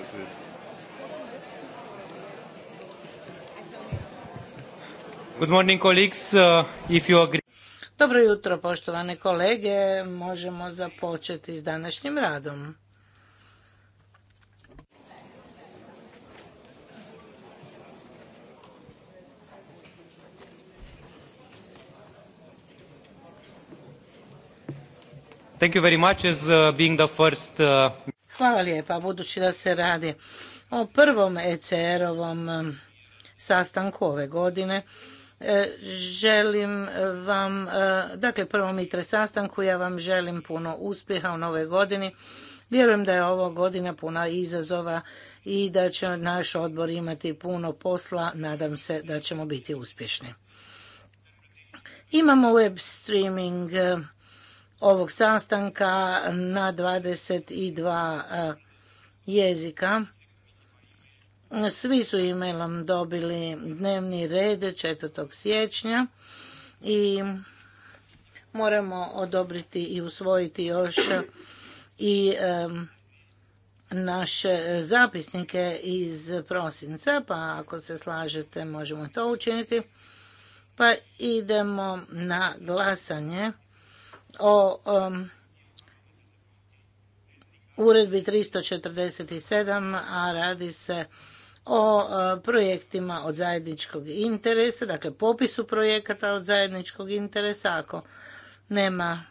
Präsident. Good morning, colleagues. Uh, if you agree... Dobro jutro, poštovane kolege. Možemo započeti s današnjim radom. Thank you very much as uh, being the first uh, Hvala lijepa, budući da se radi o prvom ECR-ovom um, sastanku ove godine. E, želim e, vam, e, dakle prvom ITRE sastanku, ja vam želim puno uspjeha u nove godini. Vjerujem da je ovo godina puna izazova i da će naš odbor imati puno posla. Nadam se da ćemo biti uspješni. Imamo web streaming ovog sastanka na 22 e, jezika. Svi su emailom dobili dnevni red 4. siječnja i moramo odobriti i usvojiti još i naše zapisnike iz prosinca, pa ako se slažete možemo to učiniti. Pa idemo na glasanje o um, uredbi 347, a radi se o uh, projektima od zajedničkog interesa, dakle popisu projekata od zajedničkog interesa. Ako nema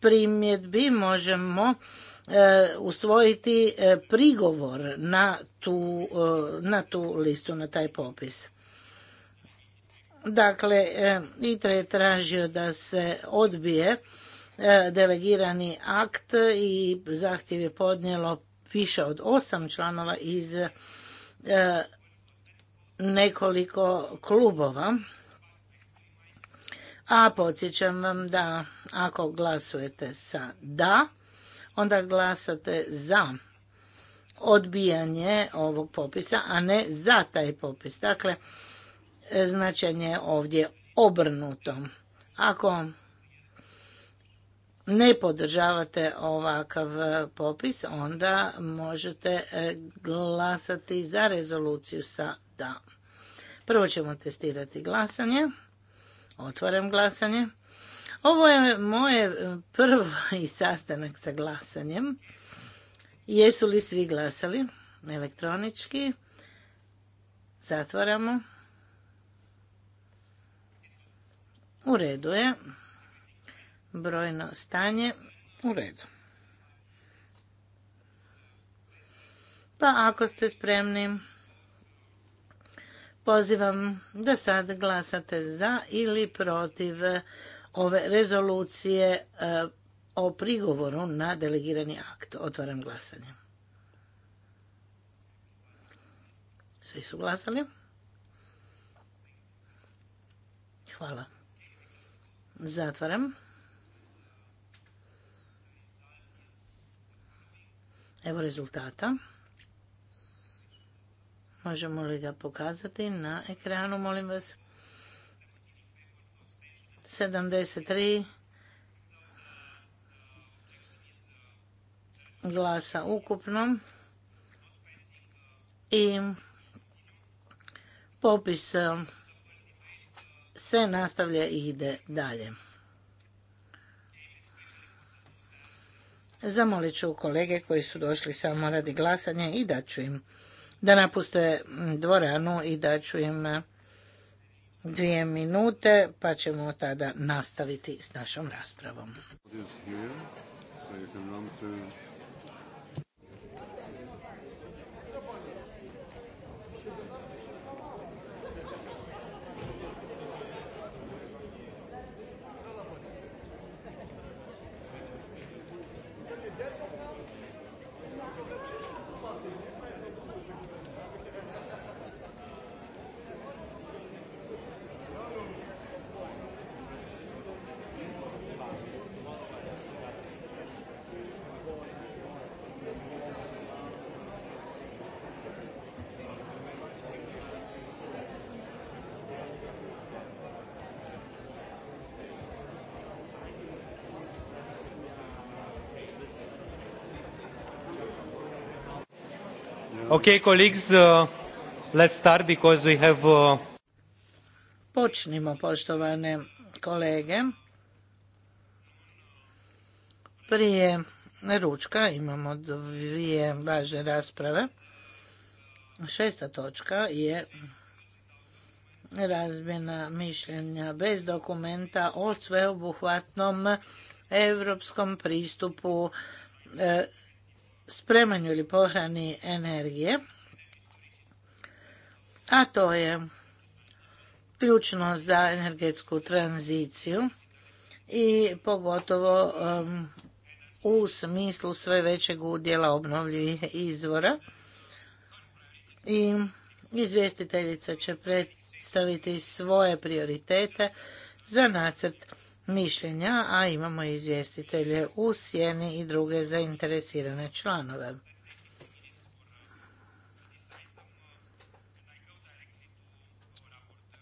primjedbi, možemo uh, usvojiti uh, prigovor na tu, na tu listu, na taj popis. Dakle, e, ITRE je tražio da se odbije e, delegirani akt i zahtjev je podnijelo više od osam članova iz e, nekoliko klubova. A podsjećam vam da ako glasujete sa da, onda glasate za odbijanje ovog popisa, a ne za taj popis. Dakle, Značenje je ovdje obrnuto. Ako ne podržavate ovakav popis, onda možete e, glasati za rezoluciju sa da. Prvo ćemo testirati glasanje. Otvaram glasanje. Ovo je moje prvi sastanak sa glasanjem. Jesu li svi glasali elektronički? Zatvaramo. U redu je. Brojno stanje. U redu. Pa ako ste spremni, pozivam da sad glasate za ili protiv ove rezolucije e, o prigovoru na delegirani akt. Otvaram glasanje. Svi su glasali? Hvala. Zatvaram. Evo rezultata. Možemo li ga pokazati na ekranu, molim vas. 73 glasa ukupno i popis se nastavlja i ide dalje. Zamolit ću kolege koji su došli samo radi glasanja i da ću im da napuste mm, dvoranu i da ću im mm, dvije minute pa ćemo tada nastaviti s našom raspravom. Okay, colleagues, uh, uh, Počnimo, poštovane kolege. Prije ručka imamo dvije važne rasprave. Šesta točka je razmjena mišljenja bez dokumenta o sveobuhvatnom europskom pristupu e, spremanju ili pohrani energije, a to je ključno za energetsku tranziciju i pogotovo um, u smislu sve većeg udjela obnovljivih izvora. I izvjestiteljica će predstaviti svoje prioritete za nacrt mišljenja, a imamo izvjestitelje u sjeni i druge zainteresirane članove.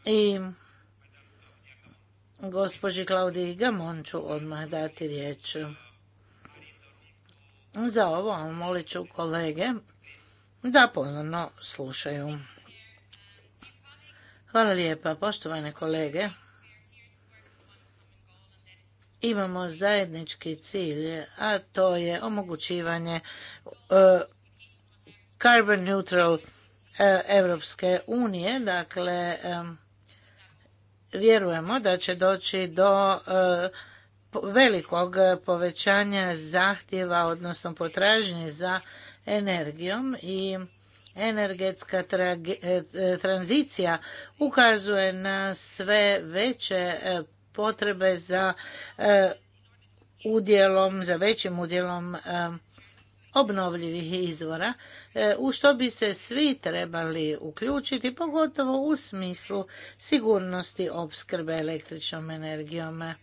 I gospođi Klaudiji Gamon ću odmah dati riječ. Za ovo molit ću kolege da pozorno slušaju. Hvala lijepa, poštovane kolege imamo zajednički cilj, a to je omogućivanje e, carbon neutral e, Evropske unije, dakle e, vjerujemo da će doći do velikog povećanja zahtjeva, odnosno potražnje za energijom i energetska tranzicija ukazuje na sve veće potrebe za e, udjelom, za većim udjelom e, obnovljivih izvora, e, u što bi se svi trebali uključiti, pogotovo u smislu sigurnosti opskrbe električnom energijom.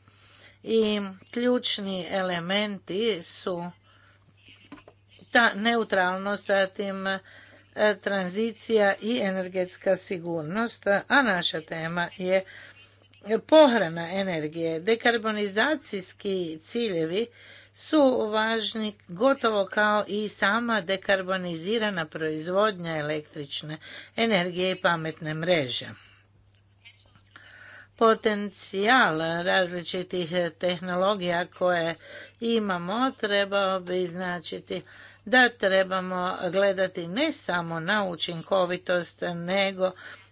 I ključni elementi su ta neutralnost, zatim tranzicija i energetska sigurnost, a naša tema je pohrana energije. Dekarbonizacijski ciljevi su važni gotovo kao i sama dekarbonizirana proizvodnja električne energije i pametne mreže. Potencijal različitih tehnologija koje imamo trebao bi značiti da trebamo gledati ne samo na učinkovitost nego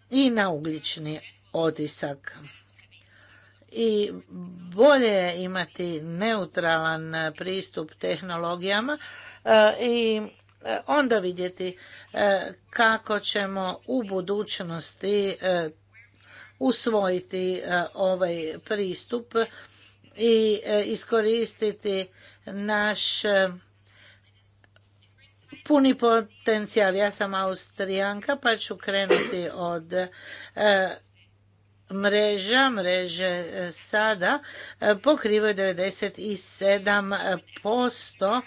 i na ugljični otisak i bolje je imati neutralan pristup tehnologijama e, i e, onda vidjeti e, kako ćemo u budućnosti usvojiti ovaj pristup i iskoristiti naš puni potencijal. Ja sam Austrijanka pa ću krenuti od mreža, mreže e, sada e, pokrivaju 97%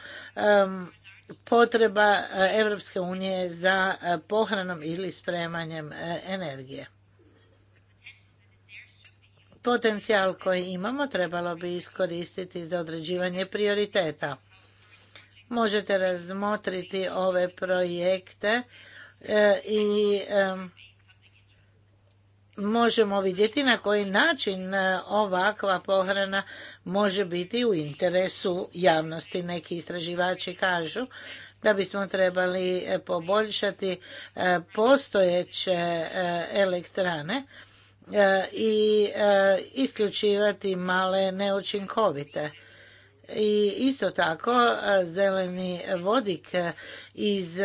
potreba Europske unije za e, pohranom ili spremanjem energije. Potencijal koji imamo trebalo bi iskoristiti za određivanje prioriteta. Možete razmotriti ove projekte i možemo vidjeti na koji način e, ovakva pohrana može biti u interesu javnosti. Neki istraživači kažu da bismo trebali e, poboljšati e, postojeće elektrane i isključivati male neučinkovite. I isto tako zeleni vodik iz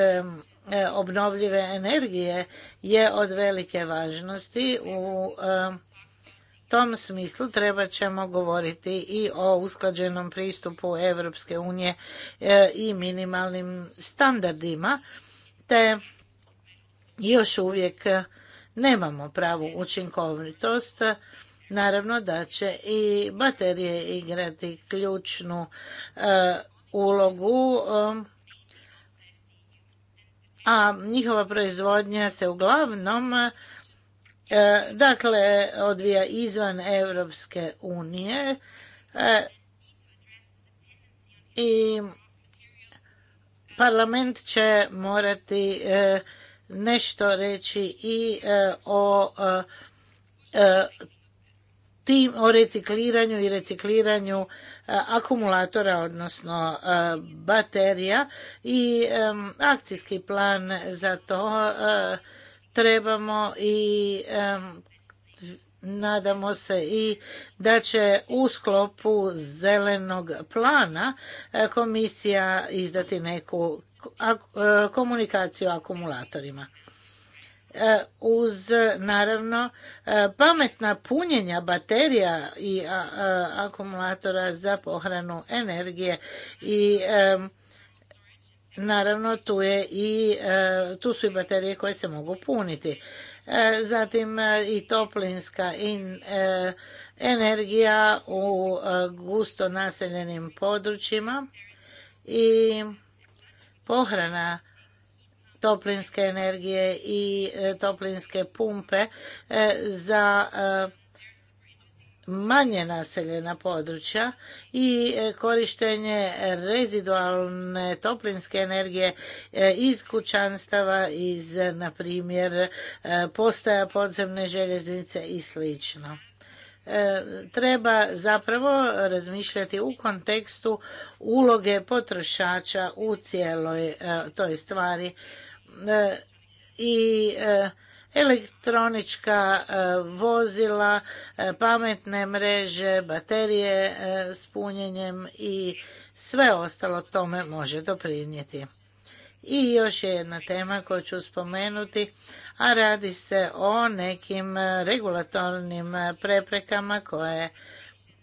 E, obnovljive energije je od velike važnosti. U e, tom smislu treba ćemo govoriti i o usklađenom pristupu Europske unije e, i minimalnim standardima, te još uvijek nemamo pravu učinkovitost. Naravno da će i baterije igrati ključnu ulogu a njihova proizvodnja se uglavnom e, dakle odvija izvan Europske unije e, i parlament će morati e, nešto reći i o tim o recikliranju i recikliranju Eh, akumulatora, odnosno eh, baterija i akcijski plan za to eh, trebamo i nadamo se i da će u sklopu zelenog plana komisija izdati neku komunikaciju akumulatorima. E, uz naravno e, pametna punjenja baterija i akumulatora za pohranu energije i e, naravno tu je i tu su i baterije koje se mogu puniti zatim i toplinska i energija u gusto naseljenim područjima i pohrana toplinske energije i e, toplinske pumpe e, za e, manje naseljena područja i korištenje rezidualne toplinske energije iz kućanstava, iz, na primjer, postaja podzemne željeznice i slično treba zapravo razmišljati u kontekstu uloge potrošača u cijeloj toj stvari E, i e, elektronička e, vozila, pametne mreže, baterije s punjenjem i sve ostalo tome može doprinijeti. I još je jedna tema koju ću spomenuti, a radi se o nekim regulatornim preprekama koje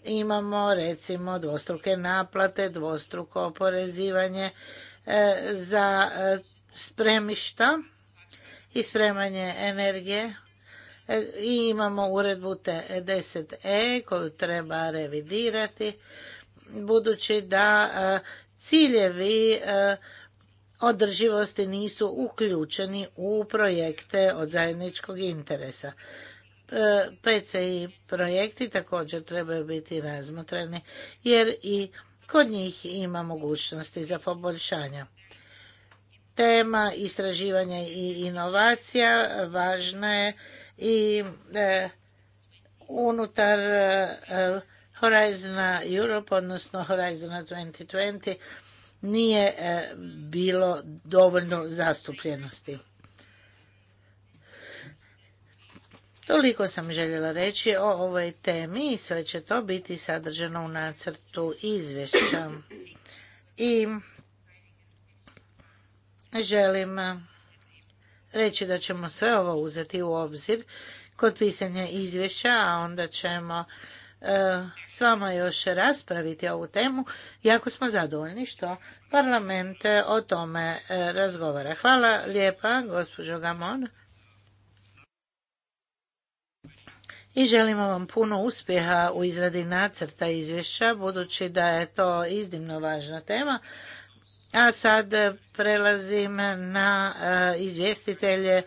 imamo, recimo dvostruke naplate, dvostruko oporezivanje za spremišta i spremanje energije e, i imamo uredbu 10e e koju treba revidirati budući da e, ciljevi održivosti nisu uključeni u projekte od zajedničkog interesa. PCI projekti također trebaju biti razmotreni jer i kod njih ima mogućnosti za poboljšanja tema istraživanja i inovacija važna je i e, unutar e, Horizona Europe, odnosno Horizon 2020, nije e, bilo dovoljno zastupljenosti. Toliko sam željela reći o ovoj temi i sve će to biti sadržano u nacrtu izvješća. I želim eh, reći da ćemo sve ovo uzeti u obzir kod pisanja izvješća, a onda ćemo eh, s vama još raspraviti ovu temu. Jako smo zadovoljni što parlament eh, o tome razgovara. Hvala lijepa, gospođo Gamon. I želimo vam puno uspjeha u izradi nacrta izvješća, budući da je to iznimno važna tema, a sad e, prelazim na e, izvjestitelje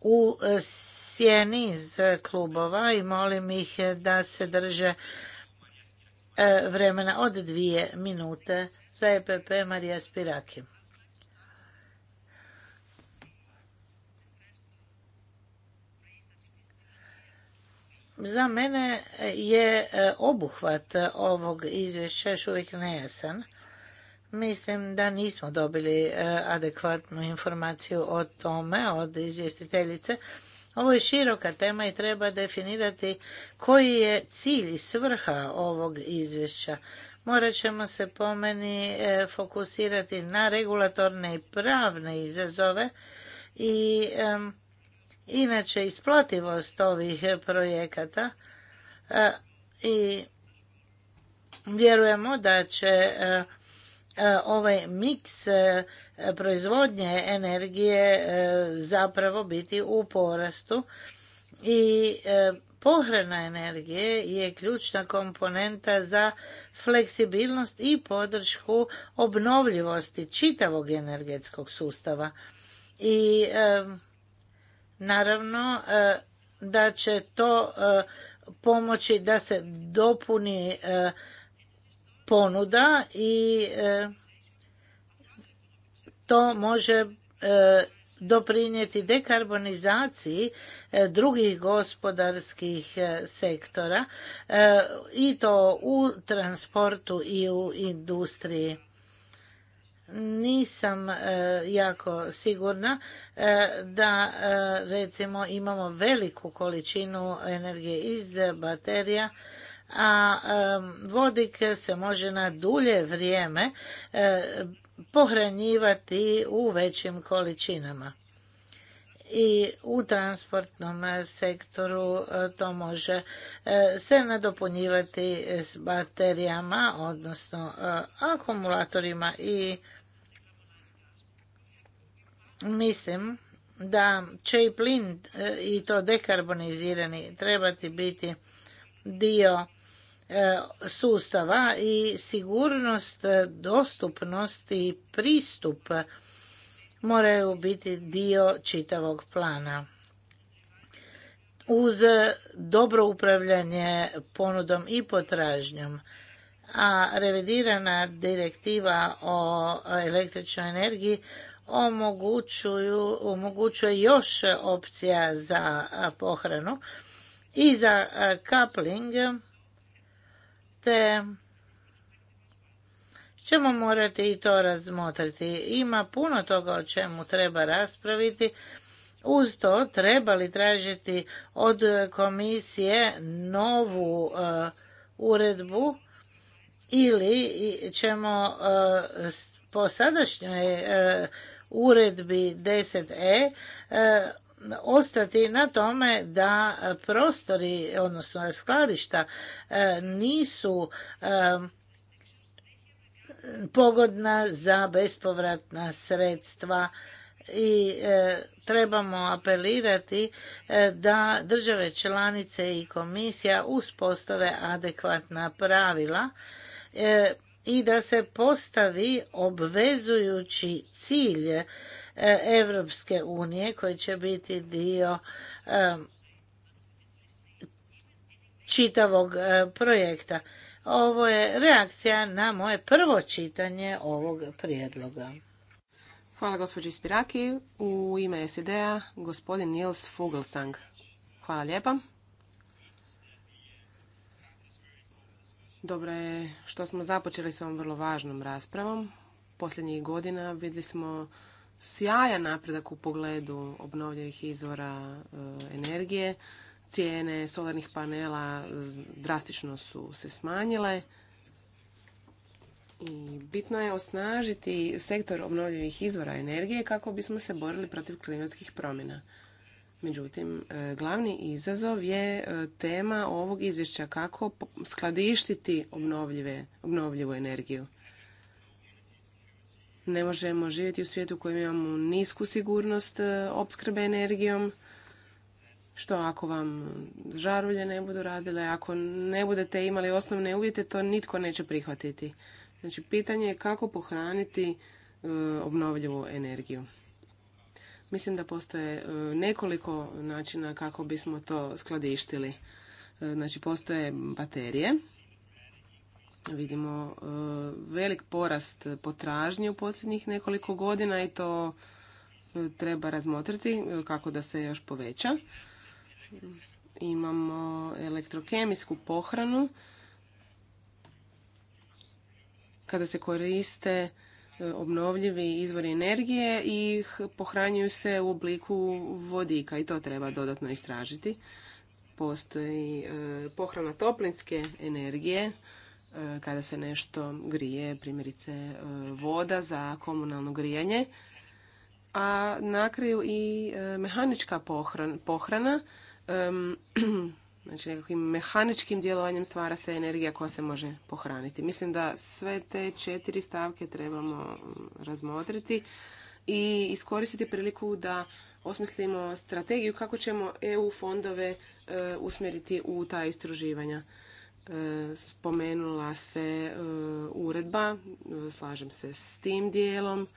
u e, sjeni iz klubova i molim ih da se drže vremena od dvije minute za EPP Marija Spiraki. Za mene je obuhvat ovog izvješća još uvijek nejasan Mislim da nismo dobili e, adekvatnu informaciju o tome od izvjestiteljice. Ovo je široka tema i treba definirati koji je cilj i svrha ovog izvješća. Morat ćemo se po meni e, fokusirati na regulatorne i pravne izazove i inače isplativost ovih projekata e, i vjerujemo da će E, ovaj miks e, proizvodnje energije e, zapravo biti u porastu i pohrana energije je ključna komponenta za fleksibilnost i podršku obnovljivosti čitavog energetskog sustava i naravno da će to pomoći da se dopuni ponuda i e, to može e, doprinijeti dekarbonizaciji e, drugih gospodarskih sektora i to u transportu i u industriji. Nisam jako sigurna da recimo imamo veliku količinu energije iz baterija a vodik se može na dulje vrijeme e, pohranjivati u većim količinama i u transportnom sektoru e, to može e, se nadopunjivati s baterijama, odnosno akumulatorima i mislim da će i plin i to dekarbonizirani trebati biti dio E, sustava i sigurnost, e, dostupnost i pristup moraju biti dio čitavog plana. Uz dobro upravljanje ponudom i potražnjom, a revidirana direktiva o električnoj energiji omogućuju, omogućuje još opcija za pohranu i za coupling te ćemo morati i to razmotriti. Ima puno toga o čemu treba raspraviti. Uz to trebali tražiti od komisije novu uh, uredbu ili ćemo uh, po sadašnjoj uh, uredbi 10e ostati na tome da prostori, odnosno skladišta, e, nisu e, pogodna za bespovratna sredstva i e, trebamo apelirati da države članice i komisija uspostave adekvatna pravila i da se postavi obvezujući cilje E, Evropske unije koji će biti dio e, čitavog e, projekta. Ovo je reakcija na moje prvo čitanje ovog prijedloga. Hvala gospođi Spiraki. U ime SID-a gospodin Nils Fuglsang. Hvala lijepa. Dobro je što smo započeli s ovom vrlo važnom raspravom. Posljednjih godina vidjeli smo sjajan napredak u pogledu obnovljivih izvora e, energije. Cijene solarnih panela drastično su se smanjile. I bitno je osnažiti sektor obnovljivih izvora energije kako bismo se borili protiv klimatskih promjena. Međutim, e, glavni izazov je e, tema ovog izvješća kako skladištiti obnovljivu energiju. Ne možemo živjeti u svijetu u kojem imamo nisku sigurnost e, opskrbe energijom. Što ako vam žarulje ne budu radile, ako ne budete imali osnovne uvjete, to nitko neće prihvatiti. Znači, pitanje je kako pohraniti e, obnovljivu energiju. Mislim da postoje e, nekoliko načina kako bismo to skladištili. Znači, postoje baterije Vidimo e, velik porast potražnje u posljednjih nekoliko godina i to e, treba razmotriti e, kako da se još poveća. Imamo elektrokemijsku pohranu kada se koriste obnovljivi izvori energije i pohranjuju se u obliku vodika i to treba dodatno istražiti. Postoji pohrana toplinske energije E, kada se nešto grije, primjerice e, voda za komunalno grijanje, a nakriju i e, mehanička pohrana, znači nekakvim mehaničkim djelovanjem stvara se energija koja se može pohraniti. Mislim da sve te četiri stavke trebamo mm, razmotriti i iskoristiti priliku da osmislimo strategiju kako ćemo EU fondove usmjeriti u ta istraživanja. E, spomenula se e, uredba, e, slažem se s tim dijelom.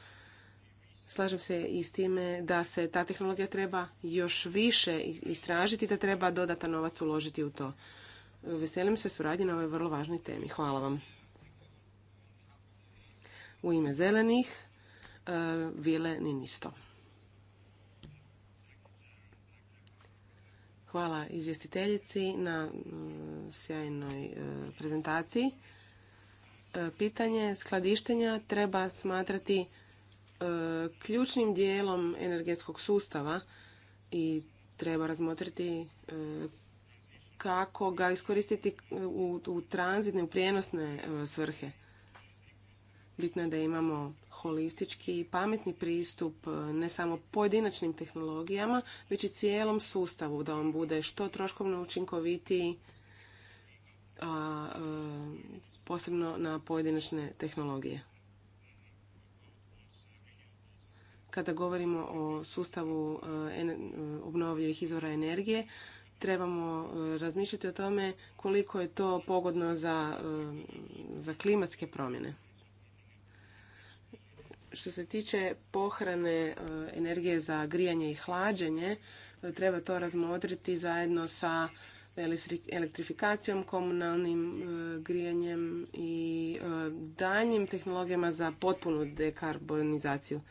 Slažem se i s time da se ta tehnologija treba još više istražiti, da treba dodatan novac uložiti u to. Veselim se suradnje na ovoj vrlo važnoj temi. Hvala vam. U ime zelenih, Vile Ninisto. Hvala izvjestiteljici na mm, sjajnoj e, prezentaciji. E, pitanje skladištenja treba smatrati e, ključnim dijelom energetskog sustava i treba razmotriti kako ga iskoristiti u tranzitne, u prijenosne svrhe. Bitno je da imamo holistički i pametni pristup e, ne samo pojedinačnim tehnologijama, već i cijelom sustavu, da on bude što troškovno učinkovitiji, a, e, posebno na pojedinačne tehnologije. Kada govorimo o sustavu e, obnovljivih izvora energije, trebamo razmišljati o tome koliko je to pogodno za klimatske promjene. Što se tiče pohrane e, energije za grijanje i hlađenje, e, treba to razmotriti zajedno sa elektrifikacijom, komunalnim e, grijanjem i danjim tehnologijama za potpunu dekarbonizaciju.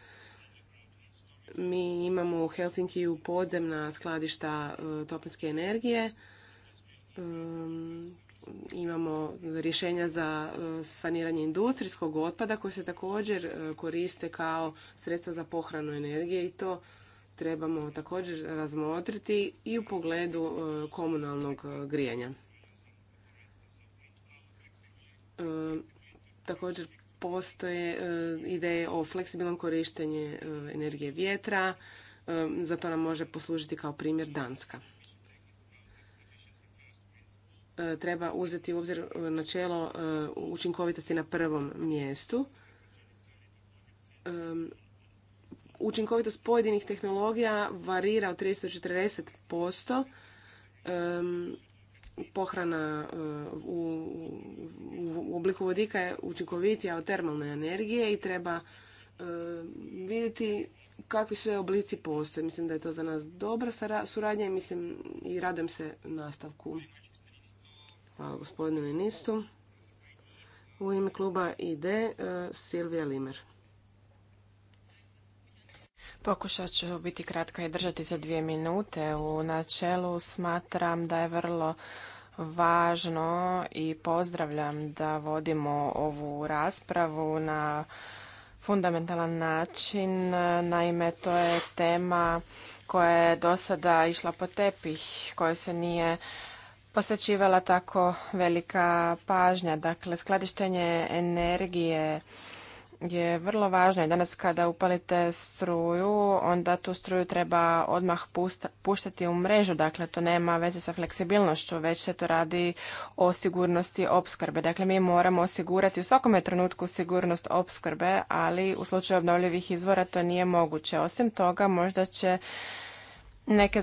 Mi imamo u Helsinkiju podzemna skladišta toplinske energije imamo rješenja za e, saniranje industrijskog otpada koji se također e, koriste kao sredstva za pohranu energije i to trebamo također razmotriti i u pogledu e, komunalnog grijanja. Također postoje ideje o fleksibilnom korištenju energije vjetra, za to nam može poslužiti kao primjer Danska. E, treba uzeti u obzir e, načelo e, učinkovitosti na prvom mjestu. Učinkovitost pojedinih tehnologija varira od 340%. Pohrana u obliku vodika je učinkovitija od termalne energije i treba vidjeti kakvi sve oblici postoje. Mislim da je to za nas dobra suradnja i mislim i radujem se nastavku Hvala gospodinu ministru. U ime kluba ID e, Silvija Limer. Pokušat ću biti kratka i držati se dvije minute. U načelu smatram da je vrlo važno i pozdravljam da vodimo ovu raspravu na fundamentalan način. Naime, to je tema koja je do sada išla po tepih, koja se nije posvećivala tako velika pažnja. Dakle, skladištenje energije je vrlo važno i danas kada upalite struju, onda tu struju treba odmah puštati u mrežu, dakle to nema veze sa fleksibilnošću, već se to radi o sigurnosti opskrbe. Dakle, mi moramo osigurati u svakome trenutku sigurnost opskrbe, ali u slučaju obnovljivih izvora to nije moguće. Osim toga, možda će neke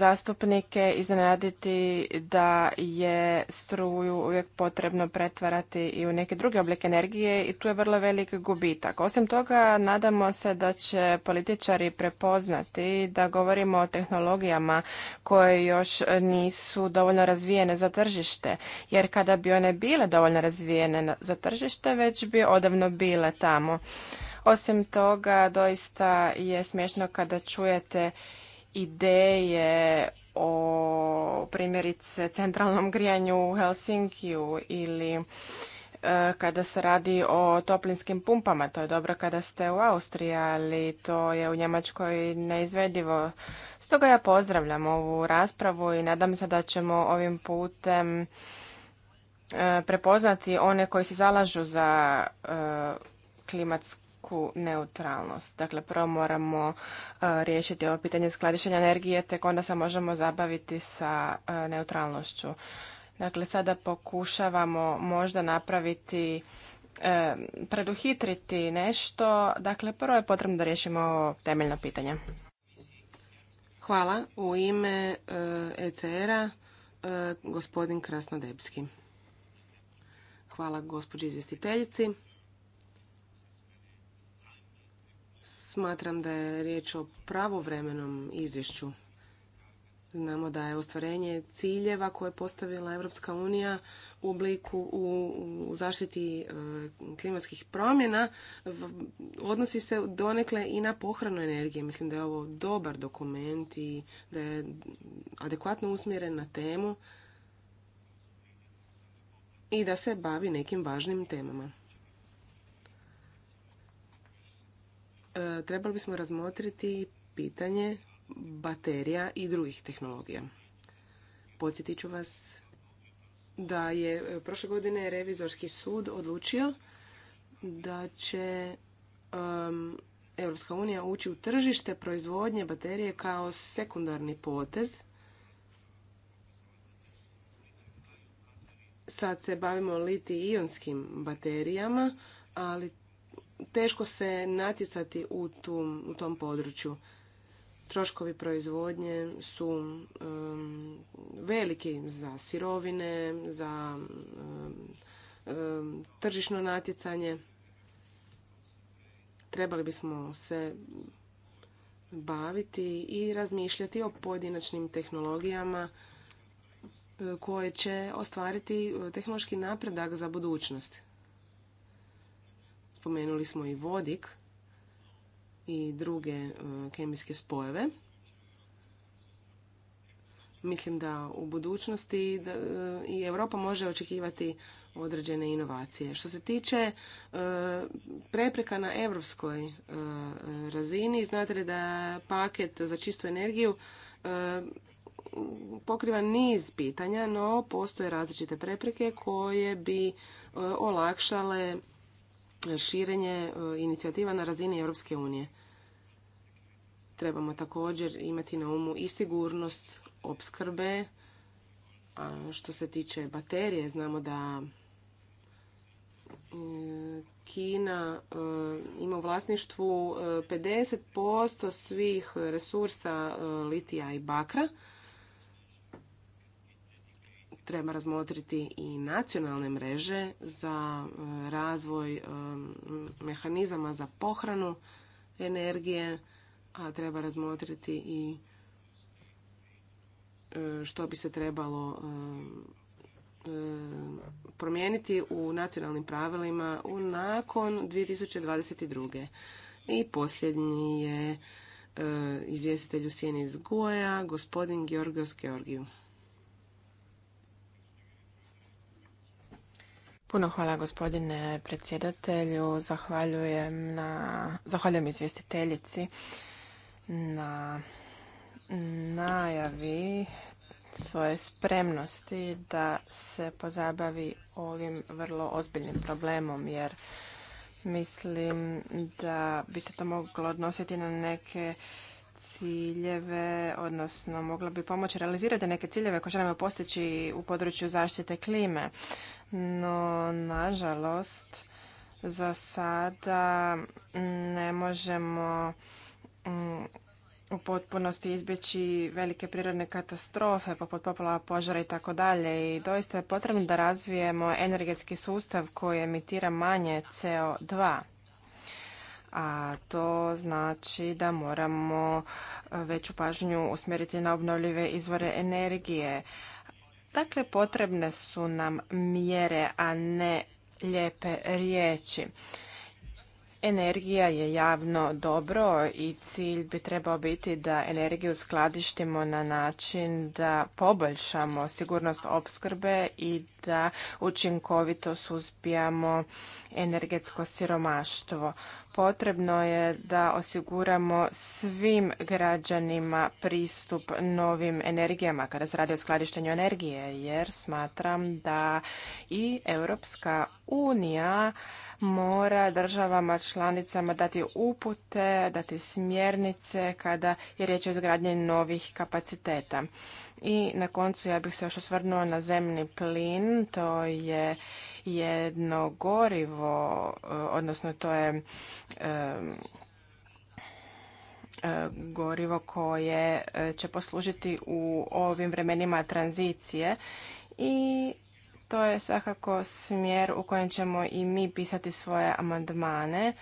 zastupnike iznenaditi da je struju uvijek potrebno pretvarati i u neke druge oblike energije i tu je vrlo velik gubitak. Osim toga, nadamo se da će političari prepoznati da govorimo o tehnologijama koje još nisu dovoljno razvijene za tržište, jer kada bi one bile dovoljno razvijene za tržište, već bi odavno bile tamo. Osim toga, doista je smiješno kada čujete ideje o primjerice centralnom grijanju u Helsinkiju ili e, kada se radi o toplinskim pumpama. To je dobro kada ste u Austriji, ali to je u Njemačkoj neizvedivo. Stoga ja pozdravljam ovu raspravu i nadam se da ćemo ovim putem e, prepoznati one koji se zalažu za e, klimatsku neutralnost. Dakle, prvo moramo e, riješiti ovo pitanje skladištenja energije, tek onda se možemo zabaviti sa e, neutralnošću. Dakle, sada pokušavamo možda napraviti e, preduhitriti nešto. Dakle, prvo je potrebno da riješimo ovo temeljno pitanje. Hvala. U ime ECR-a gospodin Krasnodebski. Hvala gospođi izvjestiteljici. Smatram da je riječ o pravovremenom izvješću. Znamo da je ostvarenje ciljeva koje je postavila Europska unija u obliku u zaštiti e, klimatskih promjena odnosi se donekle i na pohranu energije. Mislim da je ovo dobar dokument i da je adekvatno usmjeren na temu i da se bavi nekim važnim temama. E, trebali bismo razmotriti pitanje baterija i drugih tehnologija. Podsjetit ću vas da je e, prošle godine revizorski sud odlučio da će EU Europska unija ući u tržište proizvodnje baterije kao sekundarni potez. Sad se bavimo liti-ionskim baterijama, ali teško se natjecati u, tu, u tom području. Troškovi proizvodnje su um, veliki za sirovine, za um, um, tržišno natjecanje. Trebali bismo se baviti i razmišljati o pojedinačnim tehnologijama e, koje će ostvariti e, tehnološki napredak za budućnost. Spomenuli smo i vodik i druge e, kemijske spojeve. Mislim da u budućnosti e, i Europa može očekivati određene inovacije. Što se tiče e, prepreka na europskoj razini, znate li da paket za čistu energiju pokriva niz pitanja, no postoje različite prepreke koje bi olakšale širenje e, inicijativa na razini Europske unije. Trebamo također imati na umu i sigurnost opskrbe, a što se tiče baterije, znamo da e, Kina e, ima u vlasništvu 50% svih resursa litija i bakra treba razmotriti i nacionalne mreže za e, razvoj e, mehanizama za pohranu energije, a treba razmotriti i e, što bi se trebalo promijeniti u nacionalnim pravilima nakon 2022. I posljednji je izvjestitelj u sjeni iz Goja, gospodin Georgios Georgiju. Puno hvala gospodine predsjedatelju. Zahvaljujem, na, zahvaljujem izvjestiteljici na najavi svoje spremnosti da se pozabavi ovim vrlo ozbiljnim problemom jer mislim da bi se to moglo odnositi na neke ciljeve, odnosno mogla bi pomoći realizirati neke ciljeve koje želimo postići u području zaštite klime. No, nažalost, za sada ne možemo mm, u potpunosti izbjeći velike prirodne katastrofe poput poplava, požara i tako dalje i doista je potrebno da razvijemo energetski sustav koji emitira manje CO2 a to znači da moramo e, veću pažnju usmjeriti na obnovljive izvore energije. Dakle, potrebne su nam mjere, a ne lijepe riječi. Energija je javno dobro i cilj bi trebao biti da energiju skladištimo na način da poboljšamo sigurnost opskrbe i da učinkovito suzbijamo energetsko siromaštvo. Potrebno je da osiguramo svim građanima pristup novim energijama kada se radi o skladištenju energije jer smatram da i Europska unija mora državama članicama dati upute, dati smjernice kada je riječ o izgradnji novih kapaciteta. I na koncu ja bih se još osvrnuo na zemni plin. To je jedno gorivo, e, odnosno to je e, e, gorivo koje će poslužiti u ovim vremenima tranzicije i to je svakako smjer u kojem ćemo i mi pisati svoje amandmane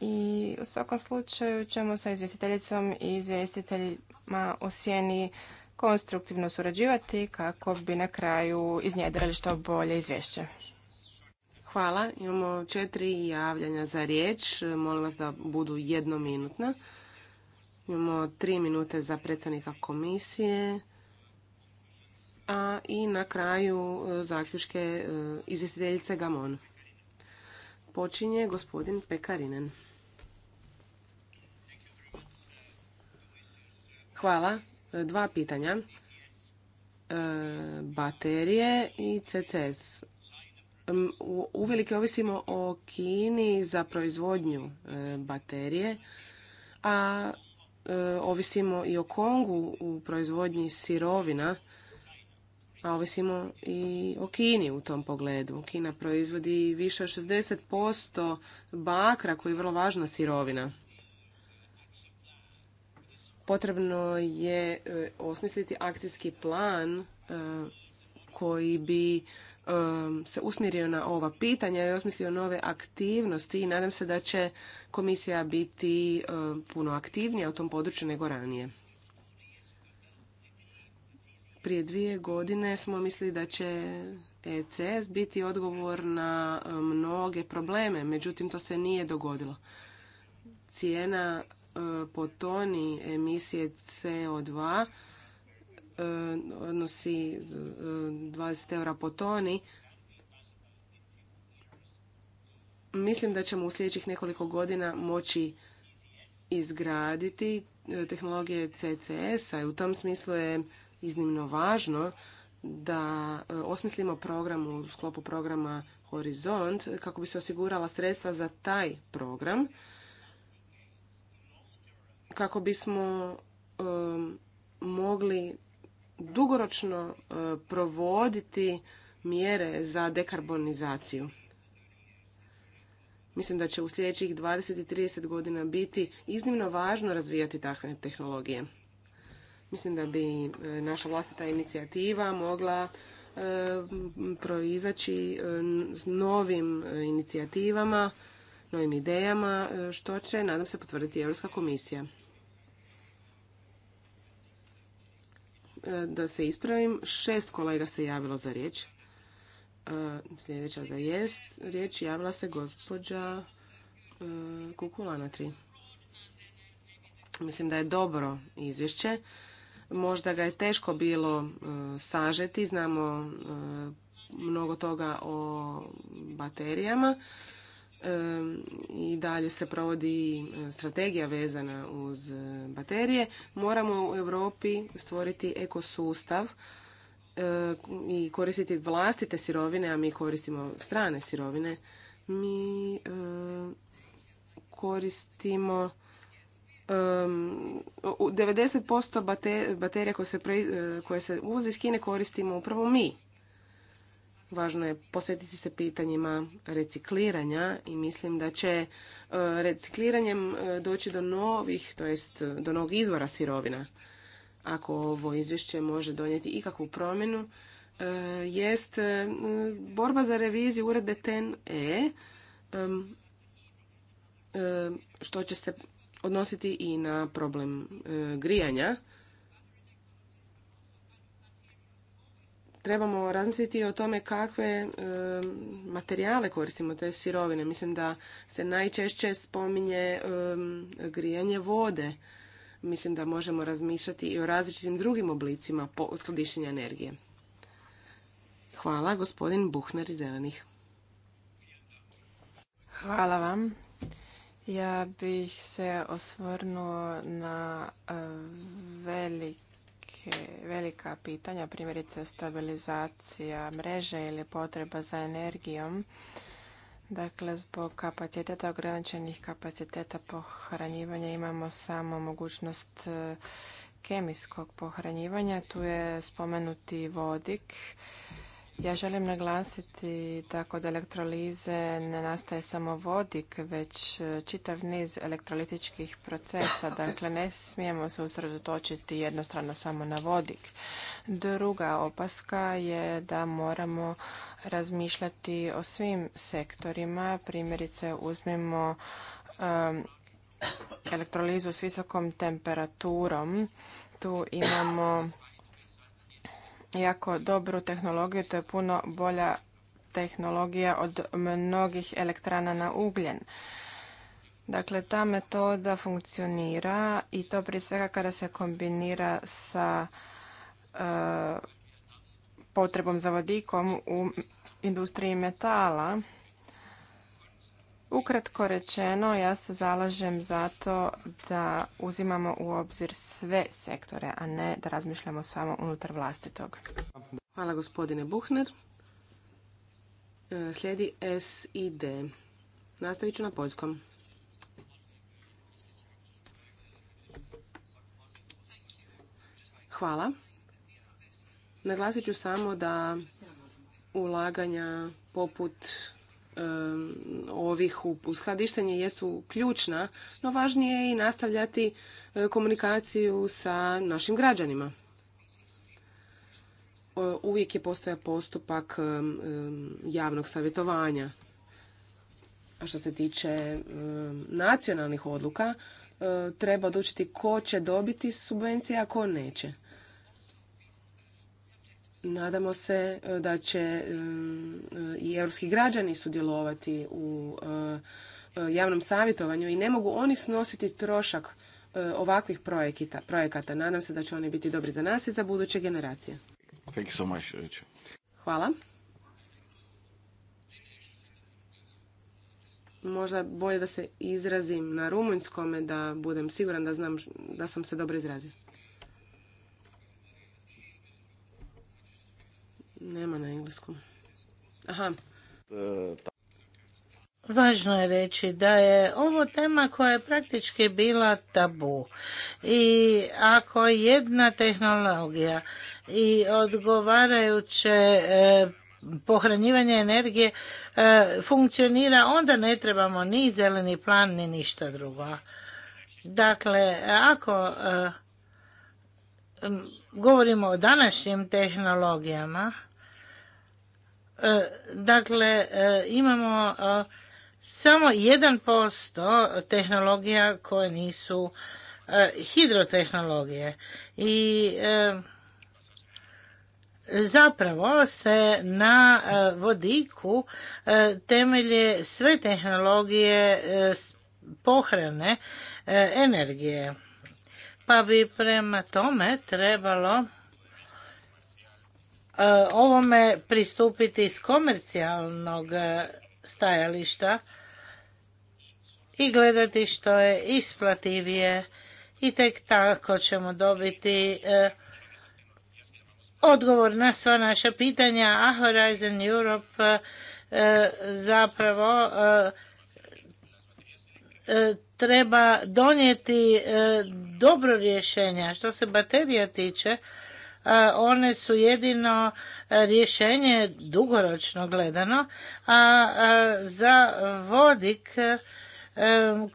i u svakom slučaju ćemo sa izvjestiteljicom i izvjestiteljima u sjeni konstruktivno surađivati kako bi na kraju iznjedrali što bolje izvješće. Hvala. Imamo četiri javljanja za riječ. Molim vas da budu jednominutna. Imamo tri minute za predstavnika komisije. A i na kraju e, zaključke e, izvjestiteljice Gamon. Počinje gospodin Pekarinen. Hvala. Dva pitanja. E, baterije i CCS. Uvelike ovisimo o Kini za proizvodnju e, baterije, a e, ovisimo i o Kongu u proizvodnji sirovina, a ovisimo i o Kini u tom pogledu. Kina proizvodi više od 60% bakra koji je vrlo važna sirovina potrebno je e, osmisliti akcijski plan e, koji bi e, se usmjerio na ova pitanja i osmislio nove aktivnosti i nadam se da će komisija biti puno aktivnija u tom području nego ranije. Prije dvije godine smo mislili da će ECS biti odgovor na mnoge probleme, međutim to se nije dogodilo. Cijena po toni emisije CO2 e, odnosi 20 e, eura po toni. Mislim da ćemo u sljedećih nekoliko godina moći izgraditi e, tehnologije CCS-a i u tom smislu je iznimno važno da osmislimo program u sklopu programa Horizont kako bi se osigurala sredstva za taj program kako bismo um, mogli dugoročno uh, provoditi mjere za dekarbonizaciju. Mislim da će u sljedećih 20 i 30 godina biti iznimno važno razvijati takve tehnologije. Mislim da bi uh, naša vlastita inicijativa mogla um, proizaći um, s novim uh, inicijativama, novim idejama, što će, nadam se, potvrditi Europska komisija. da se ispravim. Šest kolega se javilo za riječ. E, sljedeća za jest. Riječ javila se gospođa e, Kukulana 3. Mislim da je dobro izvješće. Možda ga je teško bilo e, sažeti. Znamo mnogo toga o baterijama i dalje se provodi e, strategija vezana uz e, baterije, moramo u Europi stvoriti ekosustav e, i koristiti vlastite sirovine, a mi koristimo strane sirovine. Mi koristimo 90% baterija koje se uvoze iz Kine koristimo upravo mi. Važno je posvetiti se pitanjima recikliranja i mislim da će e, recikliranjem e, doći do novih, to jest do novog izvora sirovina. Ako ovo izvješće može donijeti ikakvu promjenu, e, jest borba za reviziju uredbe TEN-E, što će se odnositi i na problem grijanja trebamo razmisliti o tome kakve e, materijale koristimo, te sirovine. Mislim da se najčešće spominje e, grijanje vode. Mislim da možemo razmišljati i o različitim drugim oblicima skladištenja energije. Hvala, gospodin Buhner iz Zelenih. Hvala vam. Ja bih se osvrnuo na e, velik velika pitanja, primjerice stabilizacija mreže ili potreba za energijom. Dakle, zbog kapaciteta, ograničenih kapaciteta pohranjivanja imamo samo mogućnost e, kemijskog pohranjivanja. Tu je spomenuti vodik ja želim naglasiti da kod elektrolize ne nastaje samo vodik, već e, čitav niz elektrolitičkih procesa. Dakle, ne smijemo se usredotočiti jednostrano samo na vodik. Druga opaska je da moramo razmišljati o svim sektorima. Primjerice, uzmimo elektrolizu s visokom temperaturom. Tu imamo jako dobru tehnologiju, to je puno bolja tehnologija od mnogih elektrana na ugljen. Dakle, ta metoda funkcionira i to prije svega kada se kombinira sa e, potrebom za vodikom u industriji metala Ukratko rečeno, ja se zalažem zato da uzimamo u obzir sve sektore, a ne da razmišljamo samo unutar vlastitog. Hvala gospodine Buhner. E, slijedi S i Nastavit ću na poljskom. Hvala. Naglasit ću samo da ulaganja poput ovih uskladištenja jesu ključna, no važnije je i nastavljati e, komunikaciju sa našim građanima. Uvijek je postoja postupak javnog savjetovanja. A što se tiče nacionalnih odluka, e, treba odlučiti ko će dobiti subvencije, a ko neće. Nadamo se e, da će e, e, i europski građani sudjelovati u javnom savjetovanju i ne mogu oni snositi trošak ovakvih projekata. projekata. Nadam se da će oni biti dobri za nas i za buduće generacije. Hvala. Možda bolje da se izrazim na rumunjskome, da budem siguran da znam da sam se dobro izrazio. Nema na engleskom. Aha. Važno je reći da je ovo tema koja je praktički bila tabu. I ako jedna tehnologija i odgovarajuće e, pohranjivanje energije e, funkcionira, onda ne trebamo ni zeleni plan ni ništa drugo. Dakle, ako e, govorimo o današnjim tehnologijama, E, dakle, e, imamo e, samo 1% tehnologija koje nisu hidrotehnologije. I zapravo se na vodiku temelje sve tehnologije pohrane energije. Pa bi prema tome trebalo E, ovome pristupiti iz komercijalnog e, stajališta i gledati što je isplativije i tek tako ćemo dobiti e, odgovor na sva naša pitanja, a Horizon Europe zapravo treba donijeti dobro rješenja. Što se baterija tiče, E, one su jedino e, rješenje dugoročno gledano, a za vodik e,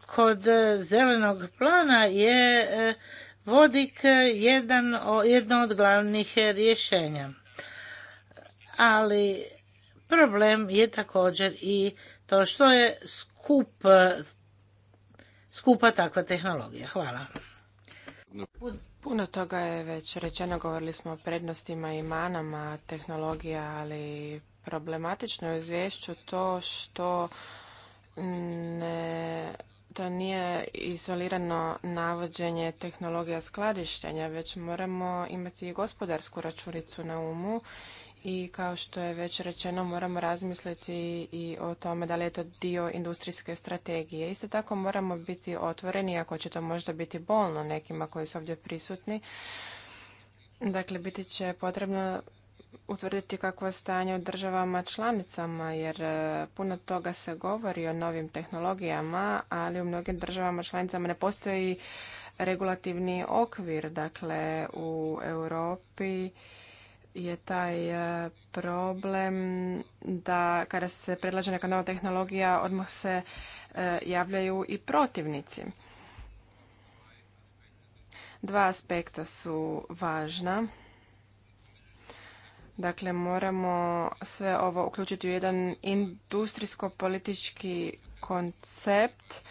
kod zelenog plana je vodik jedan, jedno od glavnih rješenja. Ali problem je također i to što je skup, skupa takva tehnologija. Hvala. Puno toga je već rečeno, govorili smo o prednostima i manama tehnologija, ali problematično je u izvješću to što ne, to nije izolirano navođenje tehnologija skladištenja, već moramo imati i gospodarsku računicu na umu i kao što je već rečeno moramo razmisliti i o tome da li je to dio industrijske strategije. Isto tako moramo biti otvoreni, ako će to možda biti bolno nekima koji su ovdje prisutni. Dakle, biti će potrebno utvrditi kakvo je stanje u državama članicama, jer e, puno toga se govori o novim tehnologijama, ali u mnogim državama članicama ne postoji regulativni okvir. Dakle, u Europi je taj e, problem da kada se predlaže neka nova tehnologija odmah se e, javljaju i protivnici. Dva aspekta su važna. Dakle, moramo sve ovo uključiti u jedan industrijsko-politički koncept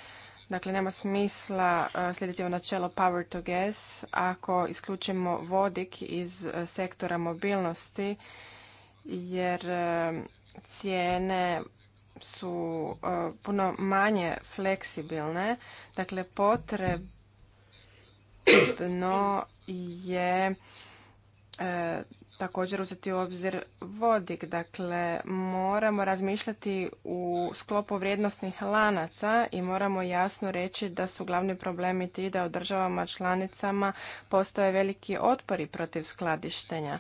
Dakle, nema smisla e, slijediti ovo načelo power to gas ako isključimo vodik iz e, sektora mobilnosti, jer e, cijene su puno manje fleksibilne. Dakle, potrebno je također uzeti u obzir vodik. Dakle, moramo razmišljati u sklopu vrijednosnih lanaca i moramo jasno reći da su glavni problemi ti da u državama članicama postoje veliki otpori protiv skladištenja.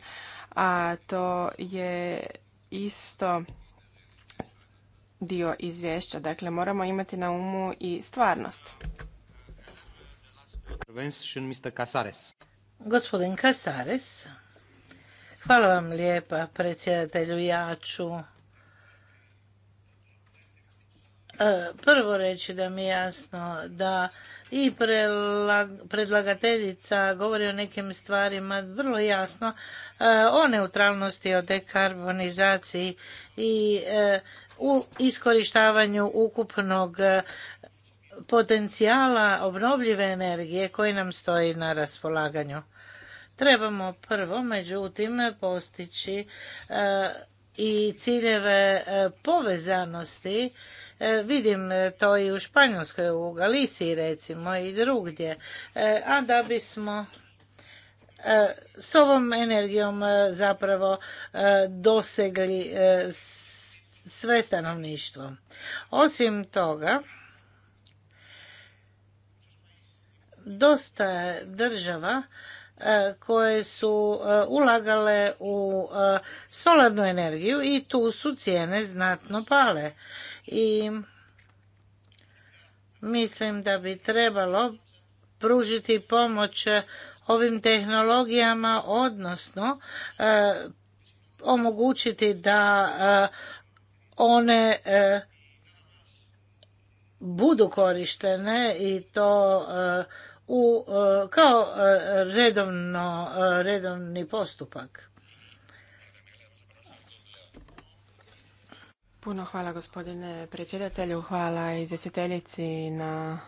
A to je isto dio izvješća. Dakle, moramo imati na umu i stvarnost. Gospodin Kasares. Hvala vam lijepa, predsjedatelju. Jaču. E, prvo reći da mi je jasno da i predlagateljica govori o nekim stvarima vrlo jasno e, o neutralnosti, o dekarbonizaciji i e, u iskorištavanju ukupnog potencijala obnovljive energije koji nam stoji na raspolaganju. Trebamo prvo, međutim, postići e, i ciljeve e, povezanosti e, vidim to i u Španjolskoj, u Galiciji recimo i drugdje, a da bismo s ovom energijom zapravo dosegli sve stanovništvo. Osim toga, dosta država koje su e, ulagale u e, solarnu energiju i tu su cijene znatno pale. I mislim da bi trebalo pružiti pomoć ovim tehnologijama, odnosno e, omogućiti da one budu korištene i to u, e, kao e, redovno, e, redovni postupak. Puno hvala gospodine predsjedatelju, hvala izvjestiteljici na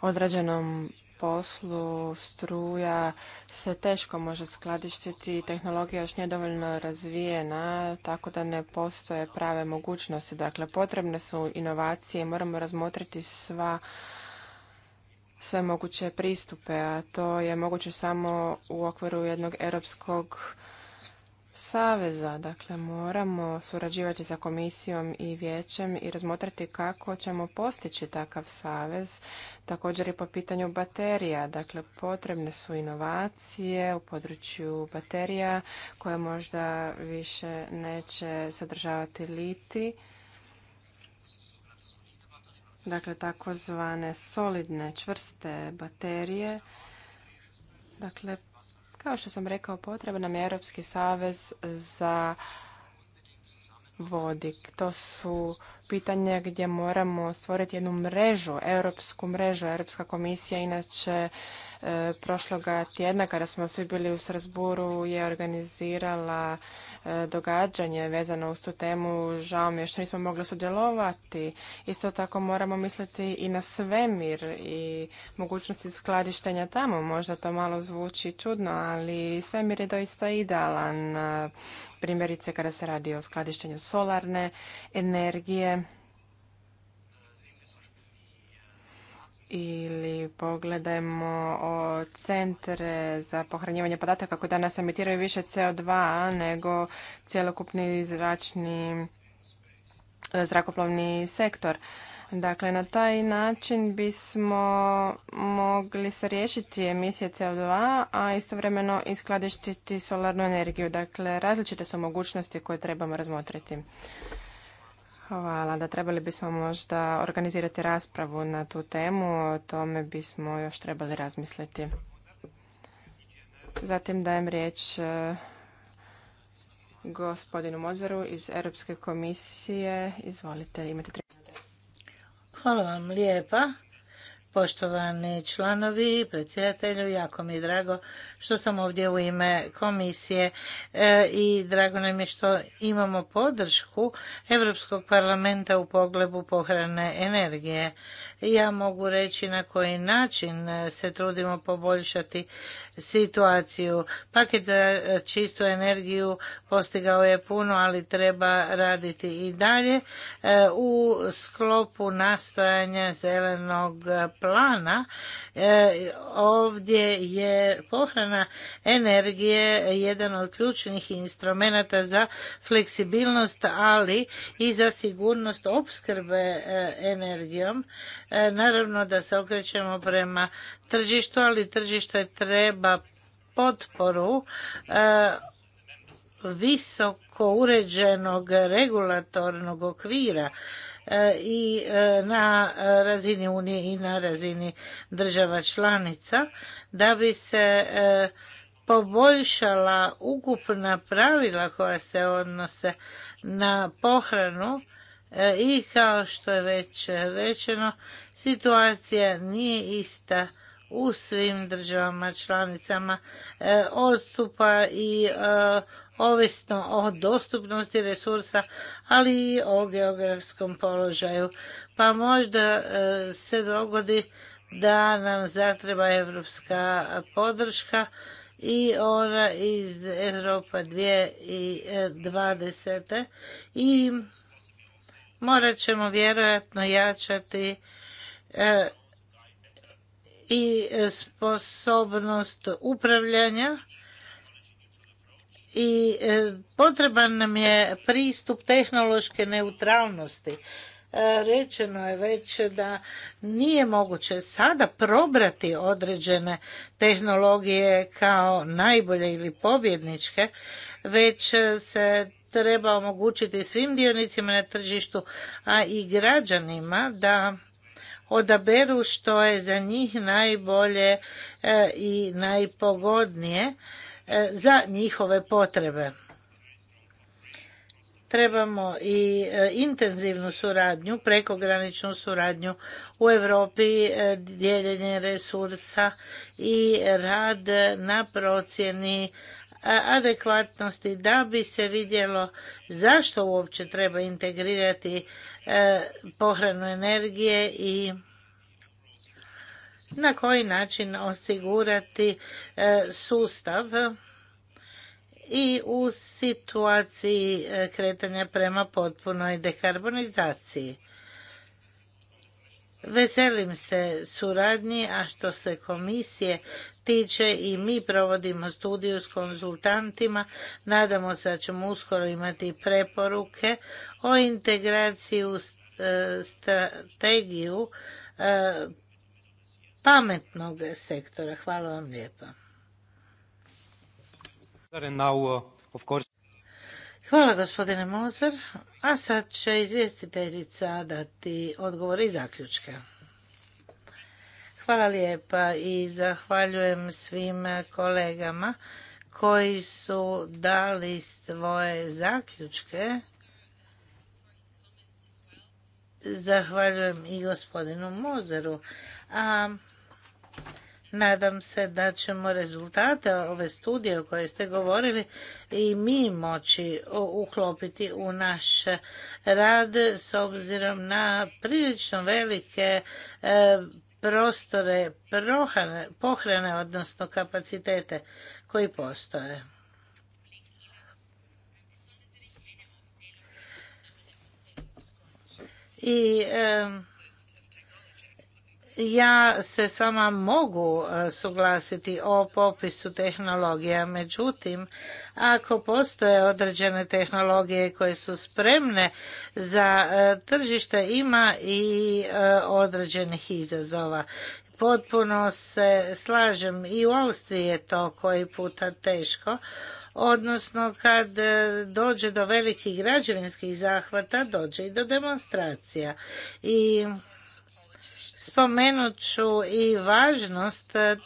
odrađenom poslu struja se teško može skladištiti, tehnologija još nije dovoljno razvijena, tako da ne postoje prave mogućnosti. Dakle, potrebne su inovacije, moramo razmotriti sva sve moguće pristupe, a to je moguće samo u okviru jednog europskog saveza. Dakle, moramo surađivati sa komisijom i vijećem i razmotriti kako ćemo postići takav savez. Također i po pitanju baterija. Dakle, potrebne su inovacije u području baterija koje možda više neće sadržavati liti dakle takozvane solidne čvrste baterije. Dakle, kao što sam rekao, potreban nam je Europski savez za vodik. To su pitanja gdje moramo stvoriti jednu mrežu, europsku mrežu. Europska komisija inače E, prošloga tjedna kada smo svi bili u Srasburu je organizirala e, događanje vezano uz tu temu. Žao mi je što nismo mogli sudjelovati. Isto tako moramo misliti i na svemir i mogućnosti skladištenja tamo. Možda to malo zvuči čudno, ali svemir je doista idealan. E, primjerice kada se radi o skladištenju solarne energije ili pogledajmo o centre za pohranjivanje podataka koji danas emitiraju više CO2 nego cjelokupni zračni e, zrakoplovni sektor. Dakle, na taj način bismo mogli se riješiti emisije CO2, a istovremeno iskladištiti solarnu energiju. Dakle, različite su mogućnosti koje trebamo razmotriti. Hvala. Da trebali bismo možda organizirati raspravu na tu temu. O tome bismo još trebali razmisliti. Zatim dajem riječ e, gospodinu Mozaru iz Europske komisije. Izvolite, imate Hvala vam lijepa. Poštovani članovi, predsjedatelju, jako mi je drago što sam ovdje u ime komisije e, i drago nam je što imamo podršku Europskog parlamenta u pogledu pohrane energije. Ja mogu reći na koji način e, se trudimo poboljšati situaciju. Paket za čistu energiju postigao je puno, ali treba raditi i dalje e, u sklopu nastojanja zelenog plana e, ovdje je pohrana energije jedan od ključnih instrumenata za fleksibilnost, ali i za sigurnost opskrbe e, energijom. E, naravno da se okrećemo prema tržištu, ali tržište treba potporu visoko uređenog regulatornog okvira E, i e, na razini Unije i na razini država članica da bi se e, poboljšala ukupna pravila koja se odnose na pohranu i kao što je već rečeno situacija nije ista u svim državama članicama e, odstupa i e, ovisno o dostupnosti resursa, ali i o geografskom položaju. Pa možda e, se dogodi da nam zatreba evropska podrška i ona iz Europa 2020. I morat ćemo vjerojatno jačati i e, sposobnost upravljanja i e, potreban nam je pristup tehnološke neutralnosti. E, rečeno je već da nije moguće sada probrati određene tehnologije kao najbolje ili pobjedničke, već se treba omogućiti svim dionicima na tržištu, a i građanima da odaberu što je za njih najbolje e, i najpogodnije e, za njihove potrebe. Trebamo i e, intenzivnu suradnju, prekograničnu suradnju u Europi, dijeljenje resursa i rad na procjeni adekvatnosti da bi se vidjelo zašto uopće treba integrirati e, pohranu energije i na koji način osigurati e, sustav i u situaciji e, kretanja prema potpunoj dekarbonizaciji. Veselim se suradnji, a što se komisije tiče i mi provodimo studiju s konzultantima. Nadamo se da ćemo uskoro imati preporuke o integraciji u e, strategiju e, pametnog sektora. Hvala vam lijepa. Hvala gospodine Mozer. A sad će izvjestiteljica dati odgovore i zaključke. Hvala lijepa i zahvaljujem svim kolegama koji su dali svoje zaključke. Zahvaljujem i gospodinu Mozeru. A Nadam se da ćemo rezultate ove studije o kojoj ste govorili i mi moći uklopiti u naš rad s obzirom na prilično velike e, prostore pohrane, odnosno kapacitete koji postoje. I ja se s vama mogu e, suglasiti o popisu tehnologija, međutim, ako postoje određene tehnologije koje su spremne za e, tržište, ima i e, određenih izazova. Potpuno se slažem, i u Austriji je to koji puta teško, odnosno kad dođe do velikih građevinskih zahvata, dođe i do demonstracija. I Spomenut ću i važnost e,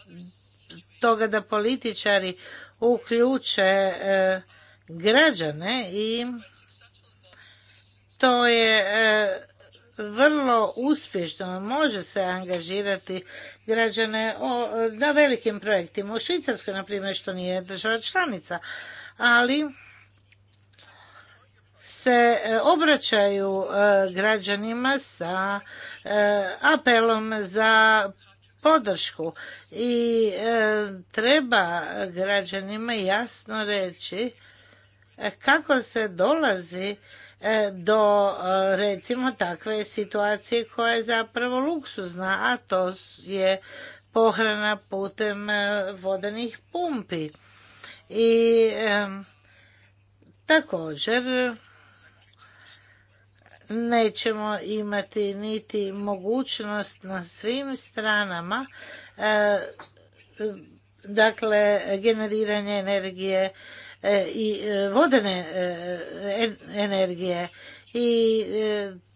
toga da političari uključe e, građane i to je e, vrlo uspješno može se angažirati građane na velikim projektima. U Švicarskoj, na primjer, što nije država članica, ali se obraćaju građanima sa E, apelom za podršku i e, treba građanima jasno reći e, kako se dolazi do recimo takve situacije koja je zapravo luksuzna, a to je pohrana putem vodenih pumpi. I također nećemo imati niti mogućnost na svim stranama e, dakle generiranje energije e, i e, vodene energije i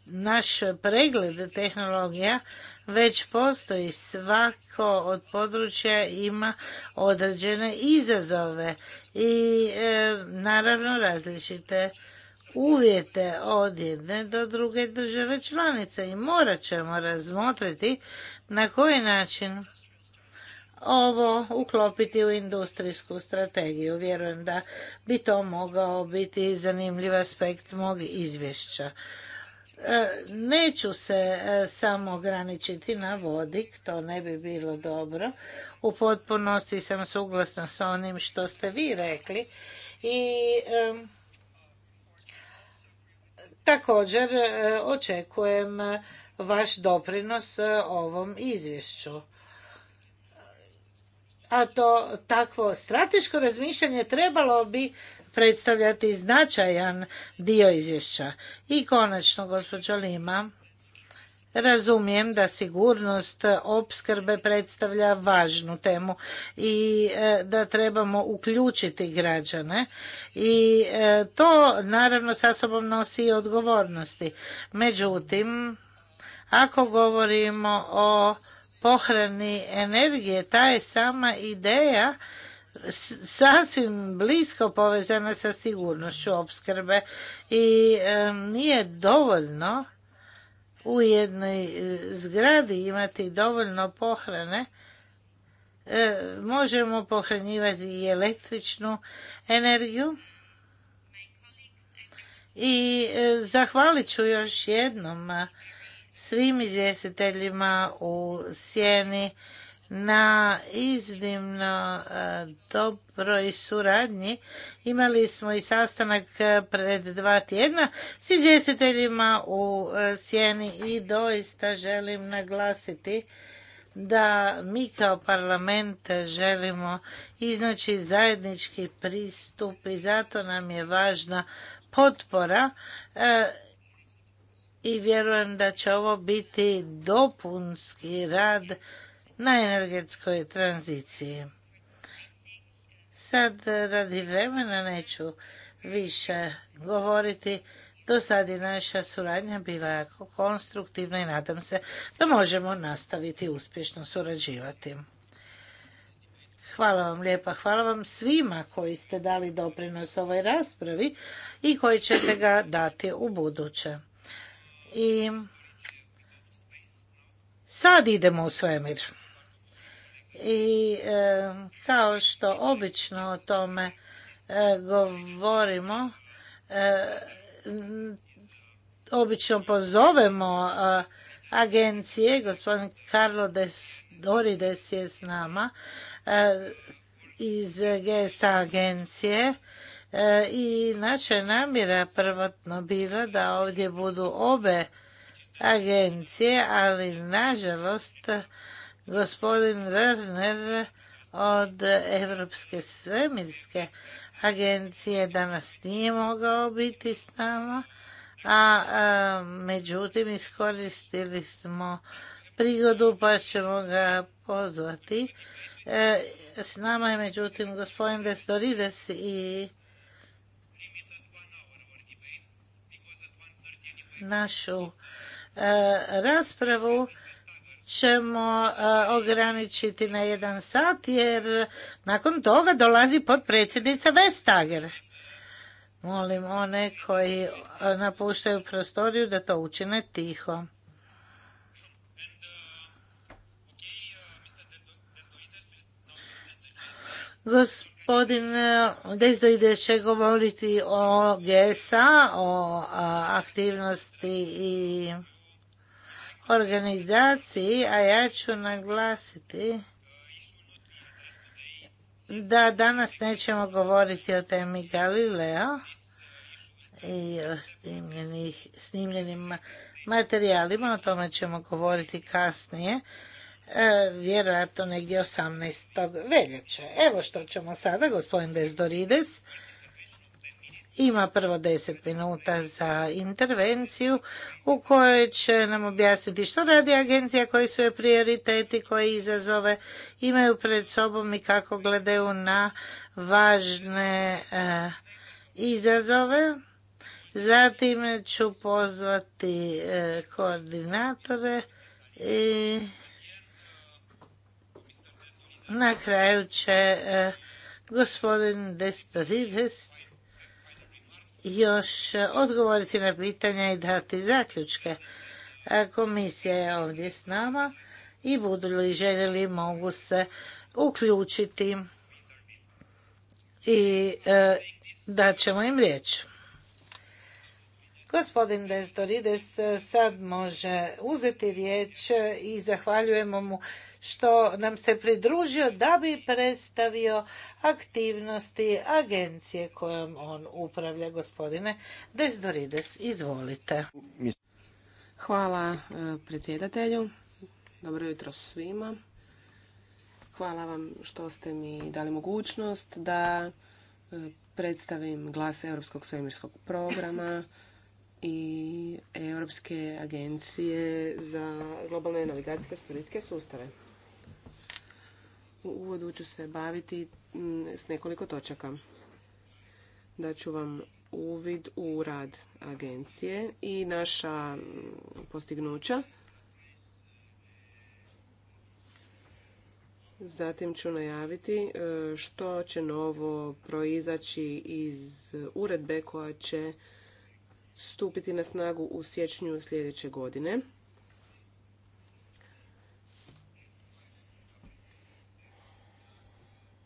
naš pregled tehnologija već postoji svako od područja ima određene izazove i naravno različite uvjete od jedne do druge države članice i morat ćemo razmotriti na koji način ovo uklopiti u industrijsku strategiju. Vjerujem da bi to mogao biti zanimljiv aspekt mog izvješća. E, neću se e, samo ograničiti na vodik, to ne bi bilo dobro. U potpunosti sam suglasna sa onim što ste vi rekli i Također e, očekujem vaš doprinos e, ovom izvješću. A to takvo strateško razmišljanje trebalo bi predstavljati značajan dio izvješća. I konačno, gospođo Lima, Razumijem da sigurnost opskrbe predstavlja važnu temu i e, da trebamo uključiti građane i e, to naravno sa sobom nosi i odgovornosti. Međutim, ako govorimo o pohrani energije, ta je sama ideja sasvim blisko povezana sa sigurnošću opskrbe i e, nije dovoljno u jednoj e, zgradi imati dovoljno pohrane, e, možemo pohranjivati i električnu energiju. I e, zahvalit ću još jednom svim izvjestiteljima u sjeni na iznimno e, dobroj suradnji. Imali smo i sastanak e, pred dva tjedna s izvjestiteljima u e, Sjeni i doista želim naglasiti da mi kao parlament želimo iznaći zajednički pristup i zato nam je važna potpora i vjerujem da će ovo biti dopunski rad na energetskoj tranziciji. Sad radi vremena neću više govoriti. Do sad je naša suradnja bila jako konstruktivna i nadam se da možemo nastaviti uspješno surađivati. Hvala vam lijepa, hvala vam svima koji ste dali doprinos ovoj raspravi i koji ćete ga dati u buduće. I sad idemo u svemir i e, kao što obično o tome e, govorimo, e, obično pozovemo agencije, gospodin Carlo Dorides je s nama iz GSA agencije i naša namjera prvotno bila da ovdje budu obe agencije, ali nažalost Gospodin Werner od Europske svemirske agencije danas nije mogao biti s nama, a, međutim iskoristili smo prigodu pa ćemo ga pozvati. E, s nama je međutim gospodin Destorides i našu e, raspravu ćemo e, ograničiti na jedan sat jer nakon toga dolazi potpredsjednica Vestager. Molim one koji e, napuštaju prostoriju da to učine tiho. Gospodin e, ide će govoriti o GSA, o aktivnosti i organizaciji, a ja ću naglasiti da danas nećemo govoriti o temi Galileo i o snimljenim materijalima, o tome ćemo govoriti kasnije, e, vjerojatno negdje 18. veljače. Evo što ćemo sada, gospodin Desdorides ima prvo deset minuta za intervenciju u kojoj će nam objasniti što radi agencija, koji su joj prioriteti, koje izazove imaju pred sobom i kako gledaju na važne e, izazove. Zatim ću pozvati e, koordinatore i na kraju će e, gospodin Destorides još e, odgovoriti na pitanja i dati zaključke. E, komisija je ovdje s nama i budu li željeli mogu se uključiti i e, dat ćemo im riječ. Gospodin Destorides e, sad može uzeti riječ i zahvaljujemo mu što nam se pridružio da bi predstavio aktivnosti agencije kojom on upravlja. Gospodine Desdorides, izvolite. Hvala e, predsjedatelju. Dobro jutro svima. Hvala vam što ste mi dali mogućnost da e, predstavim glas Europskog svemirskog programa i Europske agencije za globalne navigacijske satelitske sustave. U uvodu ću se baviti mm, s nekoliko točaka. Daću vam uvid u rad agencije i naša mm, postignuća. Zatim ću najaviti e, što će novo proizaći iz uredbe koja će stupiti na snagu u siječnju sljedeće godine.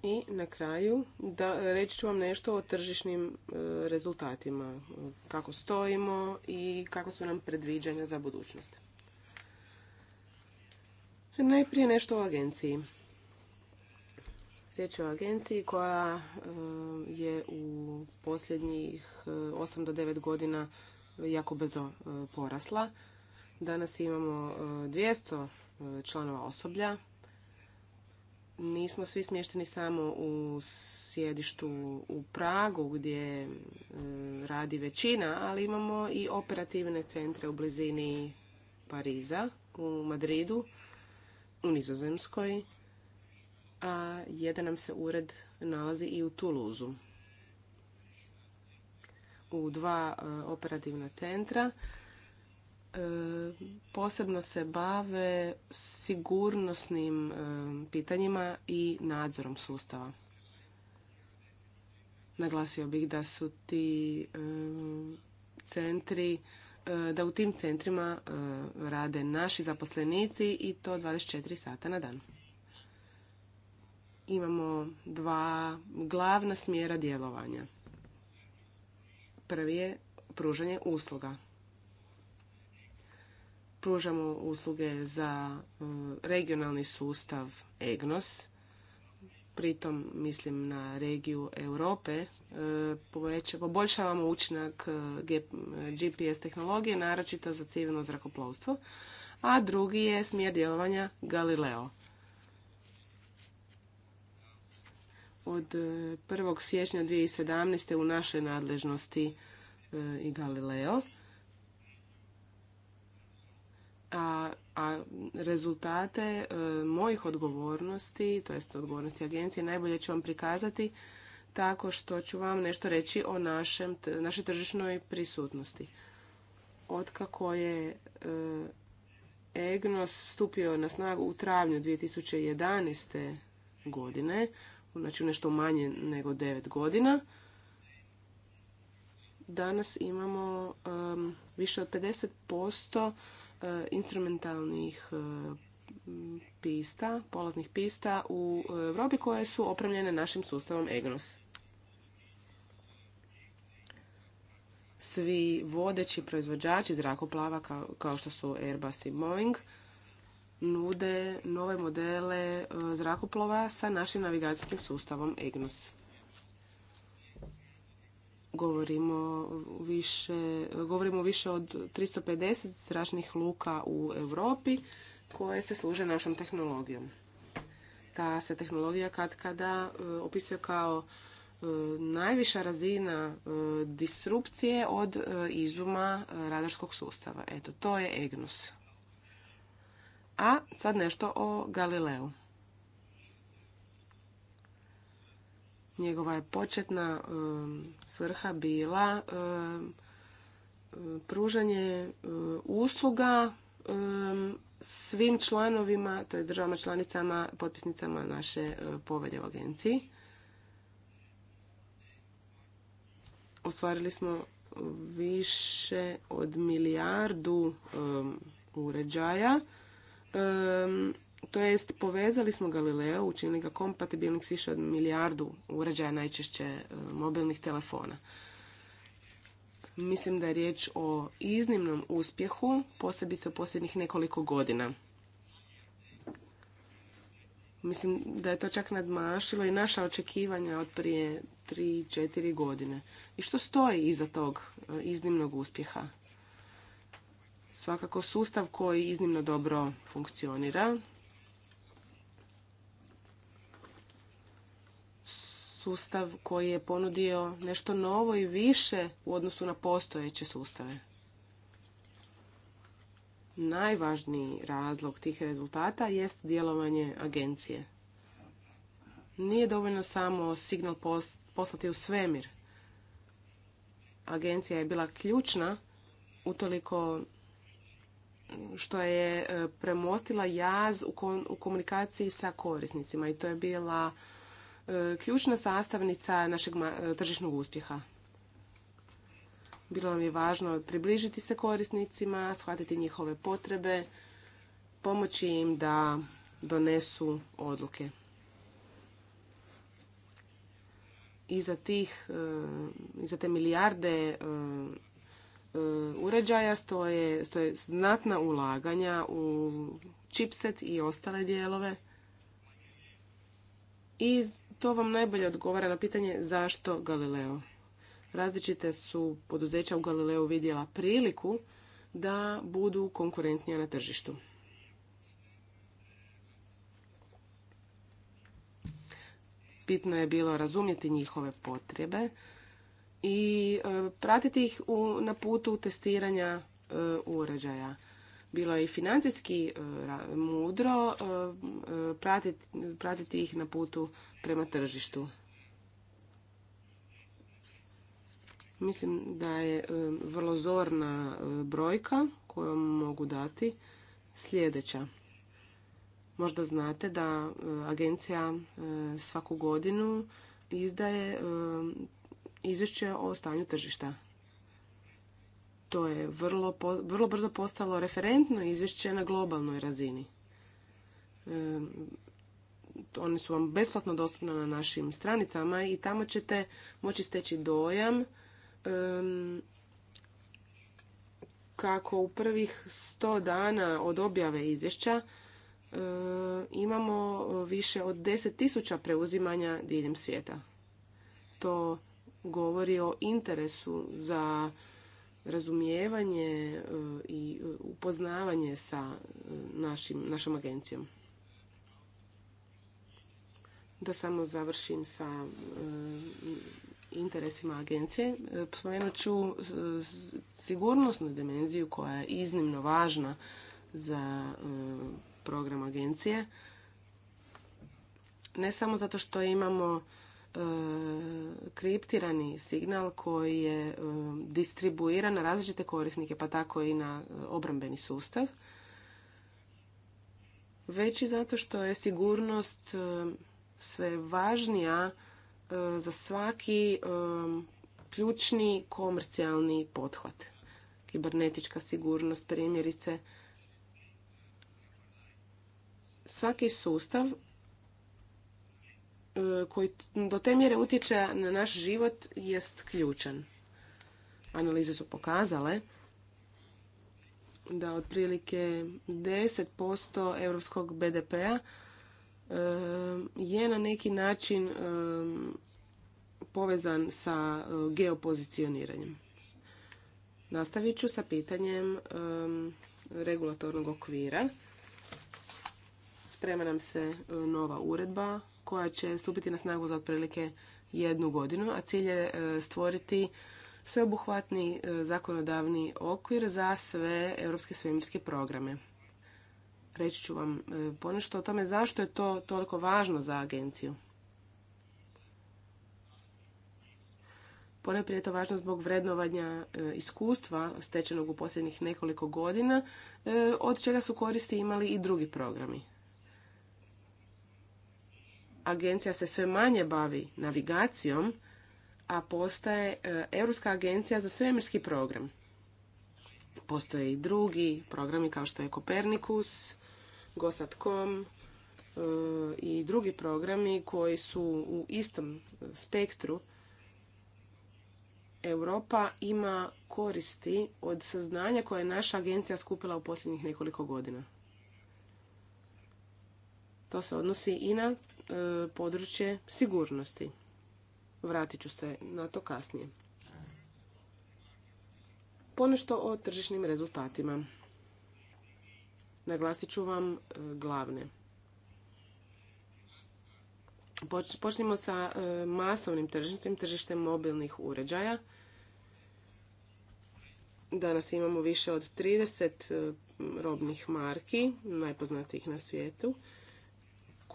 I na kraju da, reći ću vam nešto o tržišnim e, rezultatima, kako stojimo i kako su nam predviđanja za budućnost. Najprije nešto o agenciji. Riječ je o agenciji koja e, je u posljednjih 8 e, do 9 godina jako brzo e, porasla. Danas imamo 200 članova osoblja. Nismo svi smješteni samo u sjedištu u Pragu gdje radi većina, ali imamo i operativne centre u blizini Pariza, u Madridu, u Nizozemskoj, a jedan nam se ured nalazi i u Tuluzu. U dva e, operativna centra e, posebno se bave sigurnosnim e, pitanjima i nadzorom sustava. Naglasio bih da su ti centri, da u tim centrima rade naši zaposlenici i to 24 sata na dan imamo dva glavna smjera djelovanja. Prvi je pružanje usluga. Pružamo usluge za e, regionalni sustav EGNOS, pritom mislim na regiju Europe, e, poboljšavamo učinak e, GPS tehnologije, naročito za civilno zrakoplovstvo, a drugi je smjer djelovanja Galileo. od 1. E, siječnja 2017. u našoj nadležnosti e, i Galileo. A, rezultate e, mojih odgovornosti, to jest odgovornosti agencije, najbolje ću vam prikazati tako što ću vam nešto reći o našoj tržišnoj prisutnosti. Otkako je EGNOS stupio na snagu u travnju 2011. godine, znači nešto manje nego 9 godina. Danas imamo um, više od 50% uh, instrumentalnih uh, pista, polaznih pista u uh, Europi koje su opremljene našim sustavom EGNOS. Svi vodeći proizvođači zrakoplava kao što su Airbus i Boeing nude nove modele e, zrakoplova sa našim navigacijskim sustavom EGNOS. Govorimo više, više od 350 zračnih luka u Europi koje se služe našom tehnologijom. Ta se tehnologija kad kada e, opisuje kao e, najviša razina disrupcije od izuma radarskog sustava. Eto, to je EGNOS. A sad nešto o Galileu. Njegova je početna um, svrha bila um, pružanje uh, usluga um, svim članovima, to je državama članicama, potpisnicama naše uh, povelje u agenciji. Osvarili smo više od milijardu uređaja to jest povezali smo Galileo, učinili ga kompatibilnih s više od milijardu uređaja, najčešće e, mobilnih telefona. Mislim da je riječ o iznimnom uspjehu, posebice u posljednjih nekoliko godina. Mislim da je to čak nadmašilo i naša očekivanja od prije 3-4 godine. I što stoji iza tog e, iznimnog uspjeha? svakako sustav koji iznimno dobro funkcionira. Sustav koji je ponudio nešto novo i više u odnosu na postojeće sustave. Najvažniji razlog tih rezultata jest djelovanje agencije. Nije dovoljno samo signal poslati u svemir. Agencija je bila ključna utoliko što je e, premostila jaz u komunikaciji sa korisnicima i to je bila e, ključna sastavnica našeg e, tržišnog uspjeha. Bilo nam je važno približiti se korisnicima, shvatiti njihove potrebe, pomoći im da donesu odluke. Iza tih, te milijarde E, uređaja stoje, stoje znatna ulaganja u chipset i ostale dijelove. I to vam najbolje odgovara na pitanje zašto Galileo. Različite su poduzeća u Galileu vidjela priliku da budu konkurentnija na tržištu. Bitno je bilo razumjeti njihove potrebe, i e, pratiti ih na putu testiranja e, uređaja. Bilo je i financijski e, mudro pratiti, pratiti ih na putu prema tržištu. Mislim da je vrlo zorna brojka koju mogu dati sljedeća. Možda znate da agencija svaku godinu izdaje izvješće o stanju tržišta. To je vrlo, vrlo brzo postalo referentno izvješće na globalnoj razini. E, oni su vam besplatno dostupne na našim stranicama i tamo ćete moći steći dojam kako u prvih 100 dana od objave izvješća e, imamo više od 10.000 preuzimanja diljem svijeta. To govori o interesu za razumijevanje e, i e, upoznavanje sa e, našom agencijom. Da samo završim sa interesima agencije, spomenut ću sigurnosnu dimenziju koja je iznimno važna za program agencije. Ne samo zato što imamo E, kriptirani signal koji je e, distribuiran na različite korisnike, pa tako i na e, obrambeni sustav. Već i zato što je sigurnost sve važnija za svaki ključni komercijalni pothvat. Kibernetička sigurnost, primjerice. Svaki sustav E, koji do te mjere utječe na naš život jest ključan. Analize su pokazale da otprilike 10% europskog BDP-a e, je na neki način e, povezan sa geopozicioniranjem. Nastavit ću sa pitanjem regulatornog okvira. Sprema nam se nova uredba koja će stupiti na snagu za otprilike jednu godinu, a cilj je e, stvoriti sveobuhvatni e, zakonodavni okvir za sve europske svemirske programe. Reći ću vam e, ponešto o tome zašto je to toliko važno za agenciju. Ponajprije je to važno zbog vrednovanja iskustva stečenog u posljednjih nekoliko godina, od čega su koristi imali i drugi programi agencija se sve manje bavi navigacijom, a postaje e, Europska agencija za svemirski program. Postoje i drugi programi kao što je Kopernikus, Gosatcom e, i drugi programi koji su u istom spektru. Europa ima koristi od saznanja koje je naša agencija skupila u posljednjih nekoliko godina. To se odnosi i na E, područje sigurnosti. Vratit ću se na to kasnije. Ponešto o tržišnim rezultatima. Naglasit ću vam e, glavne. Počnimo sa e, masovnim tržištem, tržištem mobilnih uređaja. Danas imamo više od 30 robnih marki, najpoznatijih na svijetu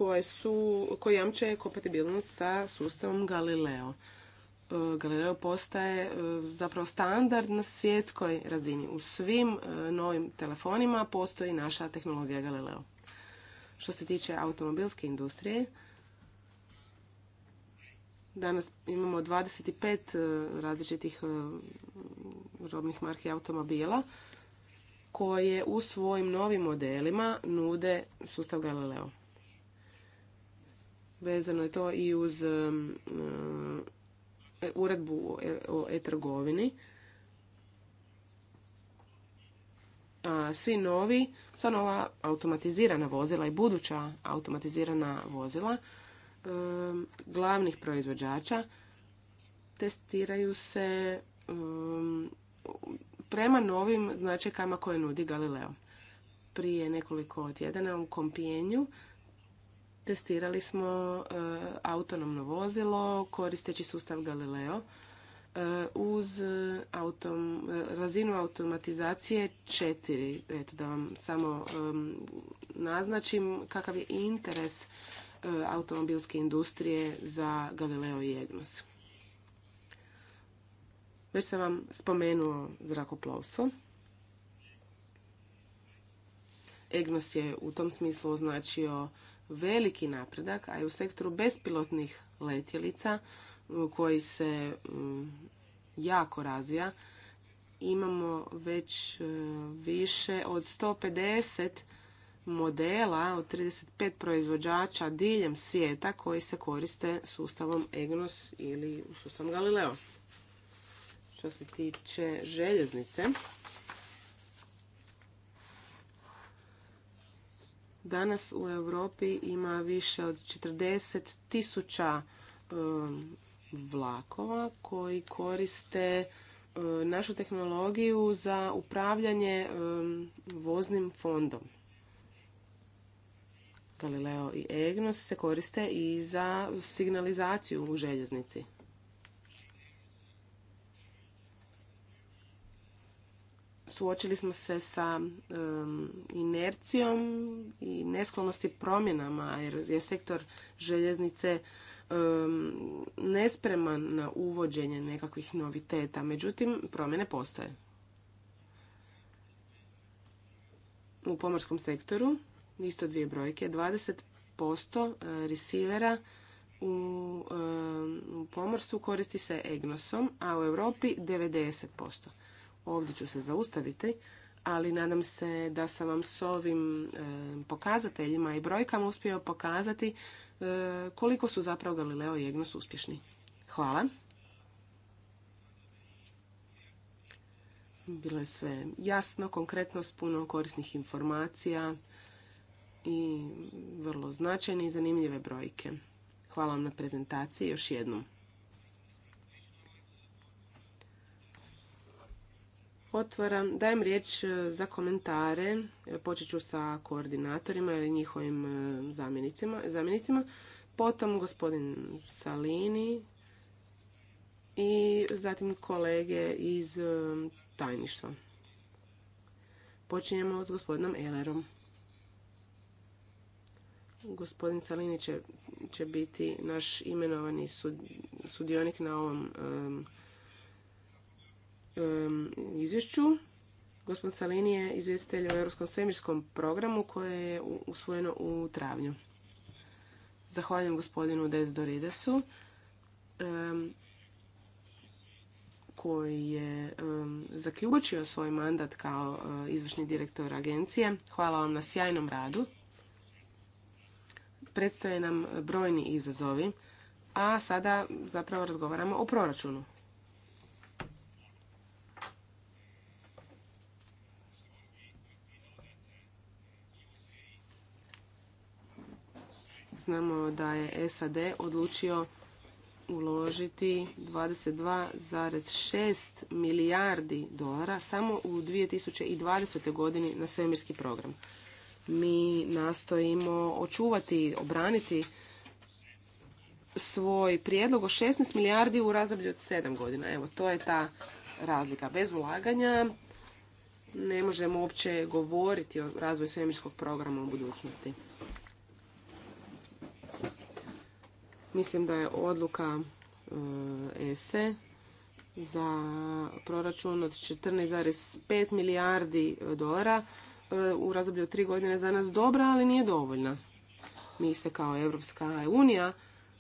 koje, su, jamče kompatibilnost sa sustavom Galileo. E, Galileo postaje e, zapravo standard na svjetskoj razini. U svim e, novim telefonima postoji naša tehnologija Galileo. Što se tiče automobilske industrije, danas imamo 25 različitih robnih marki automobila koje u svojim novim modelima nude sustav Galileo. Vezano je to i uz um, e, uredbu o e, e-trgovini. svi novi, sva nova automatizirana vozila i buduća automatizirana vozila um, glavnih proizvođača testiraju se um, prema novim značajkama koje nudi Galileo. Prije nekoliko tjedana u Kompijenju testirali smo e, autonomno vozilo koristeći sustav Galileo e, uz e, razinu automatizacije četiri. Eto da vam samo naznačim kakav je interes automobilske industrije za Galileo i EGNOS. Već sam vam spomenuo zrakoplovstvo. EGNOS je u tom smislu označio veliki napredak, a i u sektoru bespilotnih letjelica koji se jako razvija, imamo već e, više od 150 modela od 35 proizvođača diljem svijeta koji se koriste sustavom EGNOS ili sustavom Galileo. Što se tiče željeznice, Danas u Europi ima više od 40 tisuća um, vlakova koji koriste um, našu tehnologiju za upravljanje um, voznim fondom. Galileo i EGNOS se koriste i za signalizaciju u željeznici. suočili smo se sa inercijom i nesklonosti promjenama jer je sektor željeznice nespreman na uvođenje nekakvih noviteta. Međutim, promjene postoje. U pomorskom sektoru, isto dvije brojke, 20% eh, resivera u pomorstvu koristi se EGNOSom, a u Europi 90%. Ovdje ću se zaustaviti, ali nadam se da sam vam s ovim e, pokazateljima i brojkama uspio pokazati e, koliko su zapravo Galileo i Egnos uspješni. Hvala. Bilo je sve jasno, konkretno, s puno korisnih informacija i vrlo značajne i zanimljive brojke. Hvala vam na prezentaciji još jednom. Otvaram, dajem riječ e, za komentare. E, počet ću sa koordinatorima ili njihovim e, zamjenicima. Potom gospodin Salini i zatim kolege iz tajništva. Počinjemo s gospodinom Elerom. Gospodin Salini će, će biti naš imenovani sudionik na ovom Um, izvješću. Gospodin Salini je izvjestitelj o Europskom svemirskom programu koje je usvojeno u travnju. Zahvaljujem gospodinu Desdoridesu um, koji je um, zaključio svoj mandat kao uh, izvršni direktor agencije. Hvala vam na sjajnom radu. Predstoje nam brojni izazovi, a sada zapravo razgovaramo o proračunu. Znamo da je SAD odlučio uložiti 22,6 milijardi dolara samo u 2020. godini na svemirski program. Mi nastojimo očuvati, obraniti svoj prijedlog o 16 milijardi u razdoblju od 7 godina. Evo, to je ta razlika. Bez ulaganja ne možemo uopće govoriti o razvoju svemirskog programa u budućnosti. Mislim da je odluka e, ESE za proračun od 14,5 milijardi e, dolara e, u razdoblju tri godine za nas dobra, ali nije dovoljna. Mi se kao Europska unija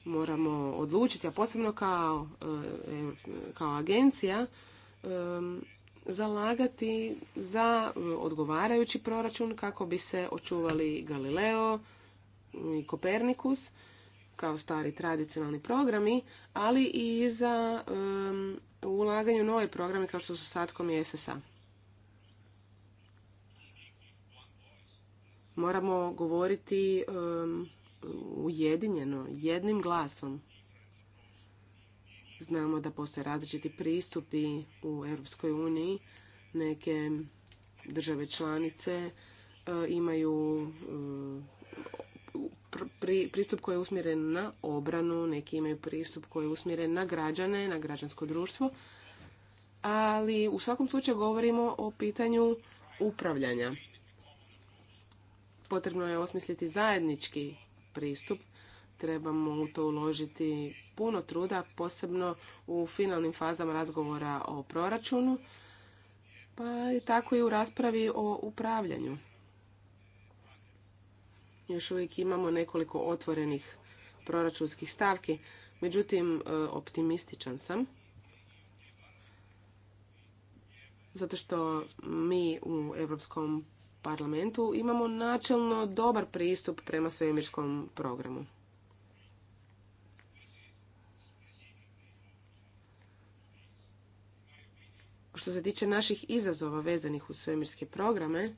moramo odlučiti, a posebno kao, kao agencija, zalagati za odgovarajući proračun kako bi se očuvali Galileo i Kopernikus, kao stari tradicionalni programi, ali i za um, ulaganje u nove programe kao što su satkom i SSA. Moramo govoriti um, ujedinjeno, jednim glasom. Znamo da postoje različiti pristupi u Europskoj uniji. Neke države članice uh, imaju uh, pristup koji je usmjeren na obranu, neki imaju pristup koji je usmjeren na građane, na građansko društvo, ali u svakom slučaju govorimo o pitanju upravljanja. Potrebno je osmisliti zajednički pristup, trebamo u to uložiti puno truda, posebno u finalnim fazama razgovora o proračunu, pa i tako i u raspravi o upravljanju još uvijek imamo nekoliko otvorenih proračunskih stavki, međutim e, optimističan sam. Zato što mi u Europskom parlamentu imamo načelno dobar pristup prema svemirskom programu. Što se tiče naših izazova vezanih u svemirske programe,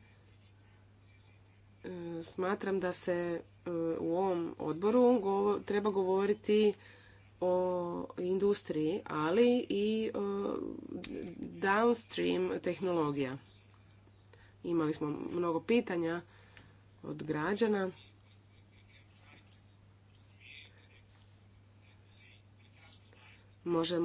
smatram da se e, u ovom odboru treba govoriti o industriji, ali i e, downstream tehnologija. Imali smo mnogo pitanja od građana. E,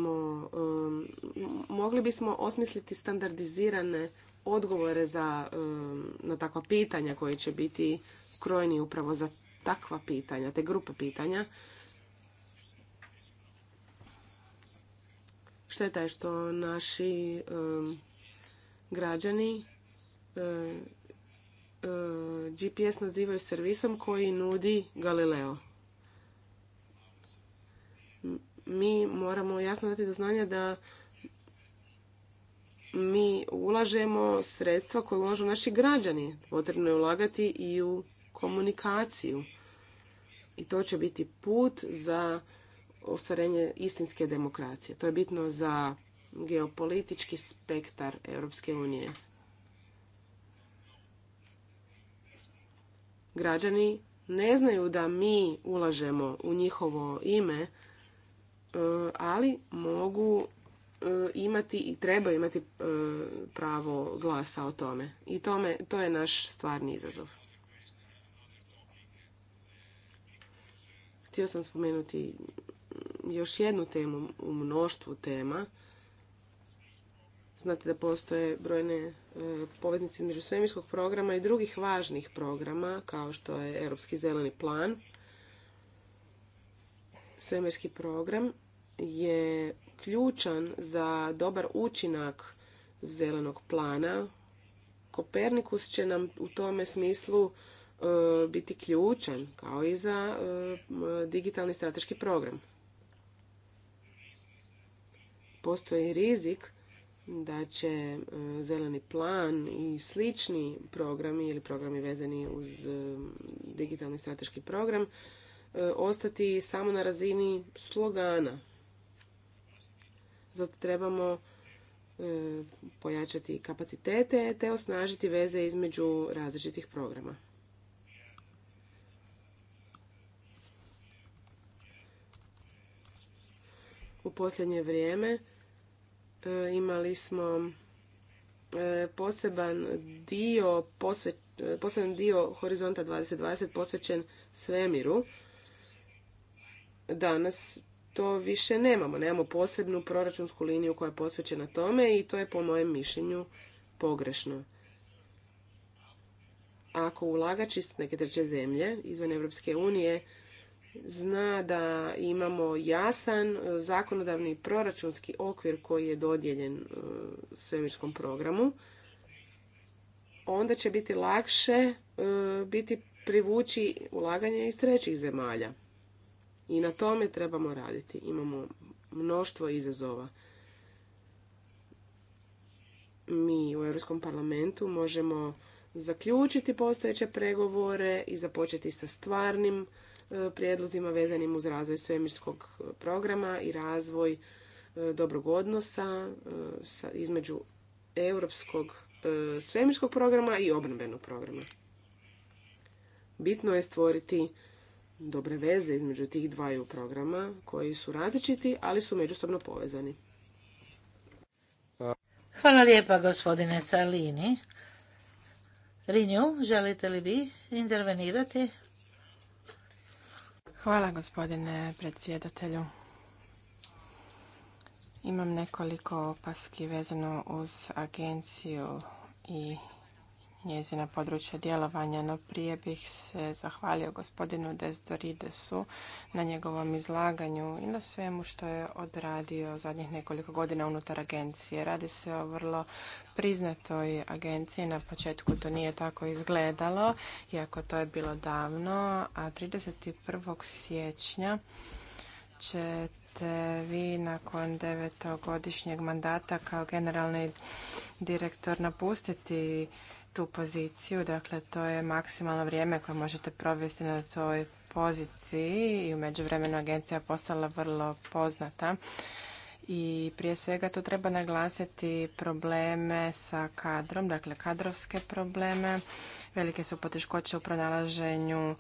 mogli bismo osmisliti standardizirane odgovore za, um, na takva pitanja koji će biti krojeni upravo za takva pitanja, te grupe pitanja. Šteta je što naši um, građani uh, uh, GPS nazivaju servisom koji nudi Galileo. Mi moramo jasno dati do znanja da mi ulažemo sredstva koje ulažu naši građani. Potrebno je ulagati i u komunikaciju. I to će biti put za ostvarenje istinske demokracije. To je bitno za geopolitički spektar Europske unije. Građani ne znaju da mi ulažemo u njihovo ime, e, ali mogu E, imati i treba imati e, pravo glasa o tome. I tome, to je naš stvarni izazov. Htio sam spomenuti još jednu temu u mnoštvu tema. Znate da postoje brojne e, poveznice između svemirskog programa i drugih važnih programa, kao što je Europski zeleni plan. Svemirski program je ključan za dobar učinak zelenog plana. Kopernikus će nam u tome smislu e, biti ključan kao i za e, digitalni strateški program. Postoji rizik da će e, zeleni plan i slični programi ili programi vezani uz digitalni strateški program ostati samo na razini slogana zato trebamo e, pojačati kapacitete te osnažiti veze između različitih programa. U posljednje vrijeme e, imali smo e, poseban dio, poseban dio Horizonta 2020 posvećen svemiru. Danas to više nemamo. Nemamo posebnu proračunsku liniju koja je posvećena tome i to je po mojem mišljenju pogrešno. Ako ulagač iz neke treće zemlje izvan Europske unije zna da imamo jasan e, zakonodavni proračunski okvir koji je dodijeljen e, svemirskom programu, onda će biti lakše e, biti privući ulaganje iz trećih zemalja. I na tome trebamo raditi. Imamo mnoštvo izazova. Mi u Europskom parlamentu možemo zaključiti postojeće pregovore i započeti sa stvarnim e, prijedlozima vezanim uz razvoj svemirskog programa i razvoj e, dobrog odnosa e, između europskog svemirskog programa i obrambenog programa. Bitno je stvoriti dobre veze između tih dvaju programa koji su različiti, ali su međusobno povezani. Hvala lijepa gospodine Salini. Rinju, želite li vi intervenirati? Hvala gospodine predsjedatelju. Imam nekoliko opaski vezano uz agenciju i njezina područja djelovanja, no prije bih se zahvalio gospodinu Desdoridesu na njegovom izlaganju i na svemu što je odradio zadnjih nekoliko godina unutar agencije. Radi se o vrlo priznatoj agenciji. Na početku to nije tako izgledalo, iako to je bilo davno, a 31. siječnja ćete vi nakon devetogodišnjeg mandata kao generalni direktor napustiti tu poziciju, dakle to je maksimalno vrijeme koje možete provesti na toj poziciji i u međuvremenu agencija je postala vrlo poznata. I prije svega tu treba naglasiti probleme sa kadrom, dakle kadrovske probleme. Velike su poteškoće u pronalaženju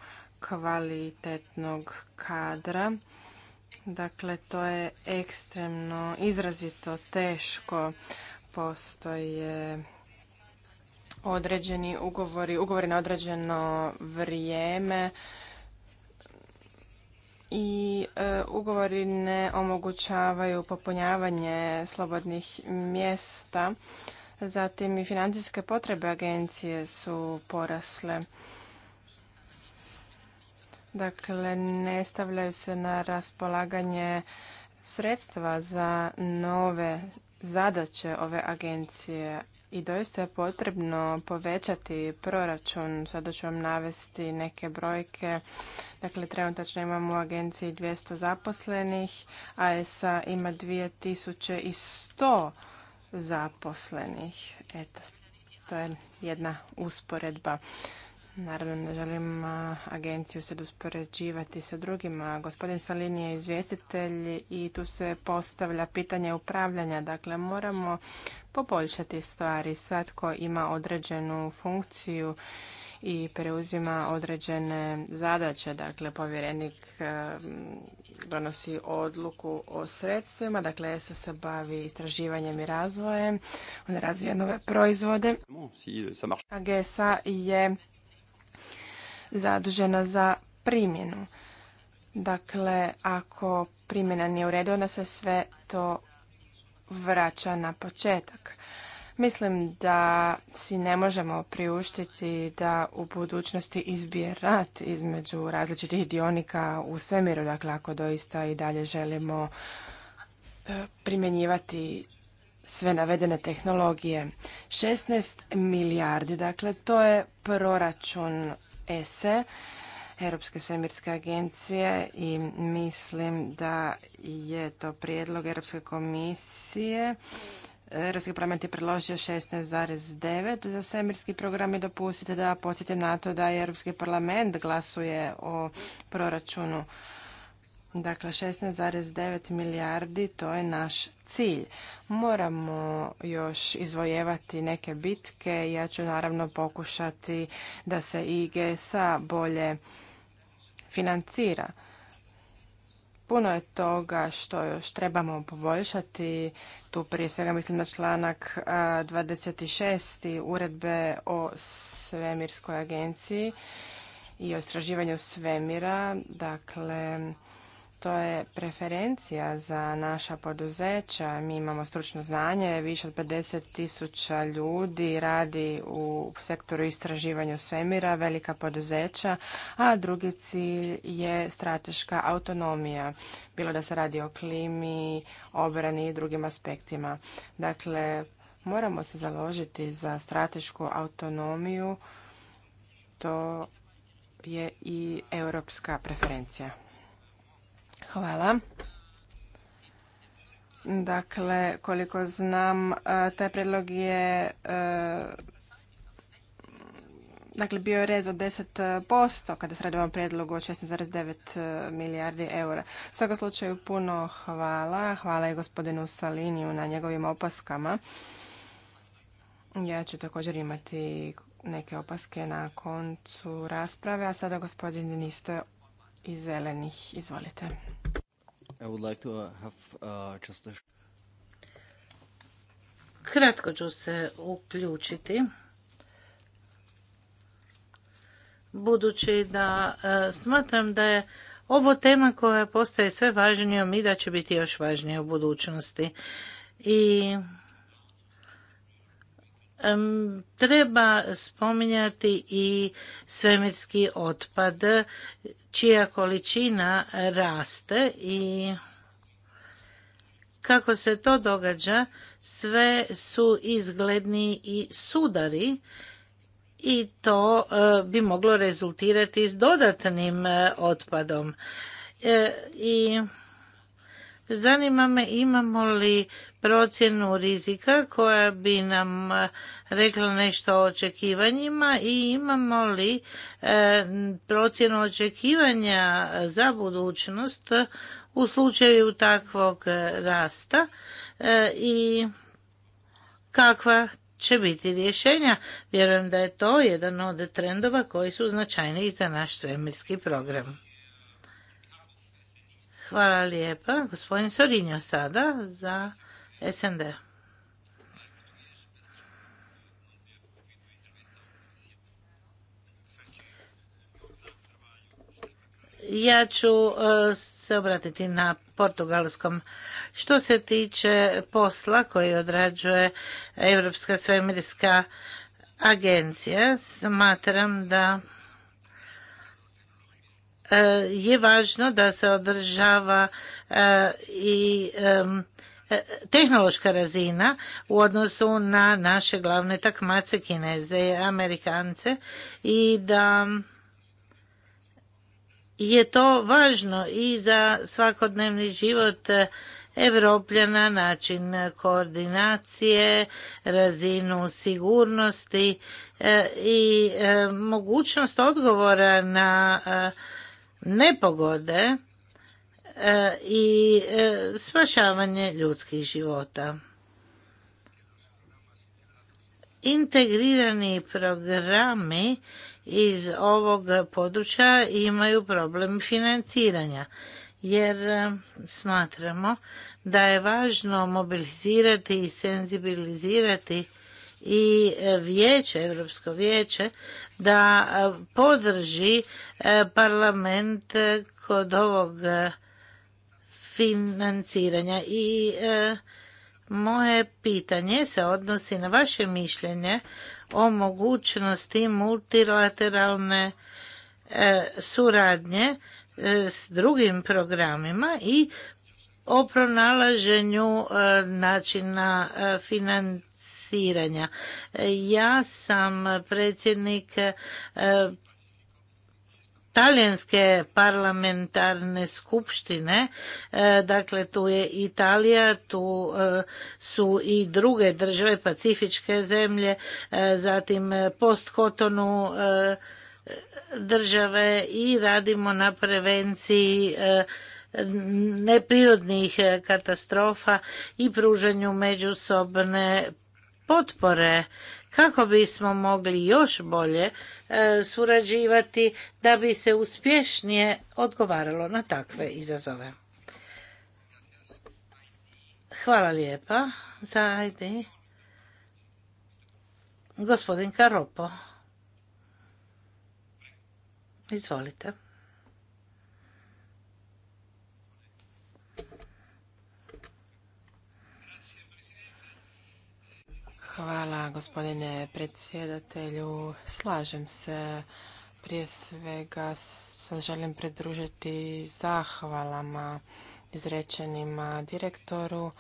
kvalitetnog kadra. Dakle, to je ekstremno, izrazito teško. Postoje određeni ugovori, ugovori na određeno vrijeme i e, ugovori ne omogućavaju popunjavanje slobodnih mjesta. Zatim i financijske potrebe agencije su porasle. Dakle, ne stavljaju se na raspolaganje sredstva za nove zadaće ove agencije, i doista je potrebno povećati proračun. Sada ću vam navesti neke brojke. Dakle, trenutačno imamo u agenciji 200 zaposlenih, a ESA ima 2100 zaposlenih. Eto, to je jedna usporedba. Naravno, ne želim agenciju se uspoređivati sa drugima. Gospodin Salini je izvjestitelj i tu se postavlja pitanje upravljanja. Dakle, moramo poboljšati stvari. Svatko ima određenu funkciju i preuzima određene zadaće. Dakle, povjerenik donosi odluku o sredstvima, dakle ESA se bavi istraživanjem i razvojem, on razvija nove proizvode. AGSA je zadužena za primjenu. Dakle, ako primjena nije u redu, onda se sve to vraća na početak. Mislim da si ne možemo priuštiti da u budućnosti izbije rat između različitih dionika u svemiru. Dakle, ako doista i dalje želimo e, primjenjivati sve navedene tehnologije. 16 milijardi, dakle to je proračun ESE, e, Europske svemirske agencije i mislim da je to prijedlog Europske komisije. Europski parlament je predložio 16,9 za svemirski program i dopustite da podsjetim na to da je Europski parlament glasuje o proračunu Dakle, 16,9 milijardi, to je naš cilj. Moramo još izvojevati neke bitke. Ja ću naravno pokušati da se IGSA bolje financira. Puno je toga što još trebamo poboljšati. Tu prije svega mislim na članak 26. uredbe o svemirskoj agenciji i o svemira. Dakle, to je preferencija za naša poduzeća. Mi imamo stručno znanje, više od 50 tisuća ljudi radi u sektoru istraživanja svemira, velika poduzeća, a drugi cilj je strateška autonomija, bilo da se radi o klimi, obrani i drugim aspektima. Dakle, moramo se založiti za stratešku autonomiju, to je i europska preferencija. Hvala. Dakle, koliko znam, e, taj predlog je e, dakle, bio je rez od 10% kada se radi o ovom predlogu od 16,9 e, milijardi eura. U svakom slučaju puno hvala. Hvala i gospodinu Saliniju na njegovim opaskama. Ja ću također imati neke opaske na koncu rasprave, a sada gospodin Nisto je i zelenih. Izvolite. I uh, uh, Kratko ću se uključiti. Budući da e, smatram da je ovo tema koja postaje sve važnija i da će biti još važnija u budućnosti. I treba spominjati i svemirski otpad čija količina raste i kako se to događa, sve su izgledni i sudari i to e, bi moglo rezultirati s dodatnim e, otpadom. E, I Zanima me imamo li procjenu rizika koja bi nam eh, rekla nešto o očekivanjima i imamo li eh, procjenu očekivanja za budućnost u slučaju takvog rasta eh, i kakva će biti rješenja. Vjerujem da je to jedan od trendova koji su značajniji za naš svemirski program. Hvala lijepa. Gospodin Sorinjo sada za SND. Ja ću e, se obratiti na portugalskom. Što se tiče posla koji odrađuje Europska svemirska agencija, smatram da Eh, je važno da se održava eh, i eh, tehnološka razina u odnosu na naše glavne takmace Kineze i Amerikance i da je to važno i za svakodnevni život Evropljana, način koordinacije, razinu sigurnosti i mogućnost odgovora na nepogode e, i e, spašavanje ljudskih života. Integrirani programi iz ovog područja imaju problem financiranja jer e, smatramo da je važno mobilizirati i senzibilizirati i vijeće, Europsko vijeće, da e, podrži e, parlament e, kod ovog financiranja i moje pitanje se odnosi na vaše mišljenje o mogućnosti multilateralne suradnje s drugim programima i o pronalaženju načina financiranja ja sam predsjednik e, talijanske parlamentarne skupštine, e, dakle tu je Italija, tu e, su i druge države, pacifičke zemlje, zatim postkotonu države i radimo na prevenciji neprirodnih katastrofa i pružanju međusobne potpore kako bismo mogli još bolje e, surađivati da bi se uspješnije odgovaralo na takve izazove. Hvala lijepa za Gospodin Karopo. Izvolite. Hvala gospodine predsjedatelju. Slažem se prije svega se želim pridružiti zahvalama izrečenima direktoru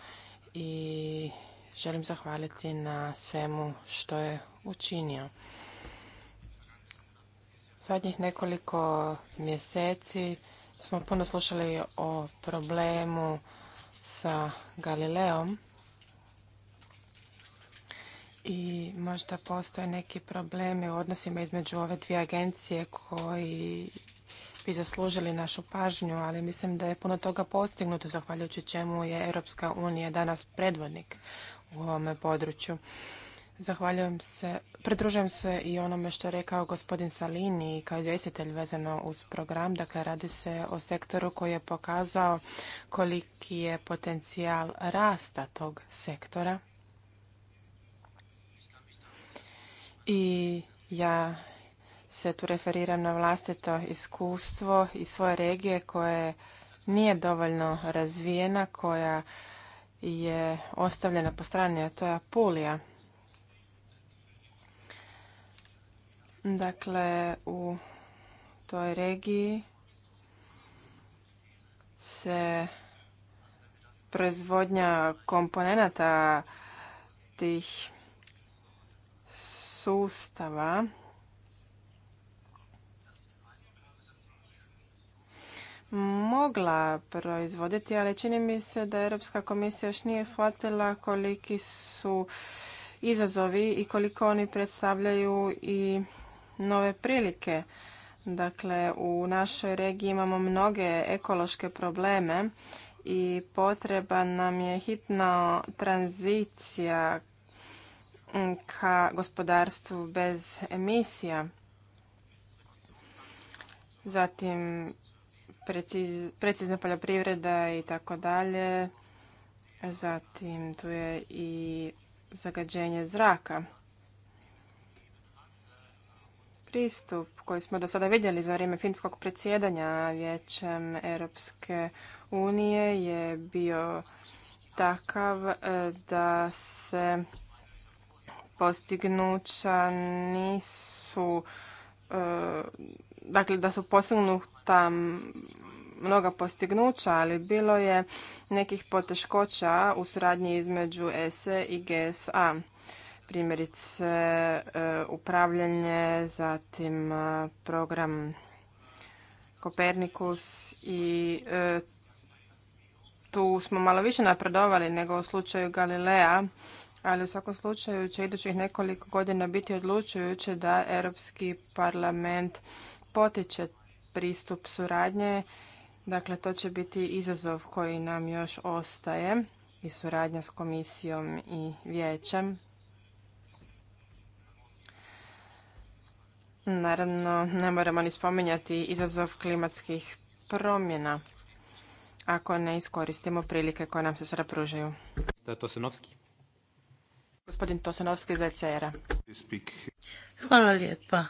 i želim zahvaliti na svemu što je učinio. Zadnjih nekoliko mjeseci smo puno slušali o problemu sa Galileom i možda postoje neki problemi u odnosima između ove dvije agencije koji bi zaslužili našu pažnju, ali mislim da je puno toga postignuto, zahvaljujući čemu je Europska unija danas predvodnik u ovome području. Zahvaljujem se, pridružujem se i onome što je rekao gospodin Salini kao izvjestitelj vezano uz program. Dakle, radi se o sektoru koji je pokazao koliki je potencijal rasta tog sektora i ja se tu referiram na vlastito iskustvo i svoje regije koje nije dovoljno razvijena, koja je ostavljena po strani, a to je Apulija. Dakle, u toj regiji se proizvodnja komponenata tih sustava mogla proizvoditi, ali čini mi se da Europska komisija još nije shvatila koliki su izazovi i koliko oni predstavljaju i nove prilike. Dakle, u našoj regiji imamo mnoge ekološke probleme i potreba nam je hitna tranzicija ka gospodarstvu bez emisija. Zatim precizna poljoprivreda i tako dalje. Zatim tu je i zagađenje zraka. Pristup koji smo do sada vidjeli za vrijeme finskog predsjedanja Vijećem Europske unije je bio takav eh, da se postignuća nisu e, dakle da su postignuta mnoga postignuća, ali bilo je nekih poteškoća u suradnji između ESE e i GSA. Primjerice e, upravljanje, zatim program Kopernikus i tu smo malo više napredovali nego u slučaju Galilea ali u svakom slučaju će idućih nekoliko godina biti odlučujuće da Europski parlament potiče pristup suradnje. Dakle, to će biti izazov koji nam još ostaje i suradnja s komisijom i vijećem. Naravno, ne moramo ni spominjati izazov klimatskih promjena ako ne iskoristimo prilike koje nam se sada pružaju. Gospodin Tosanovski iz e Hvala lijepa.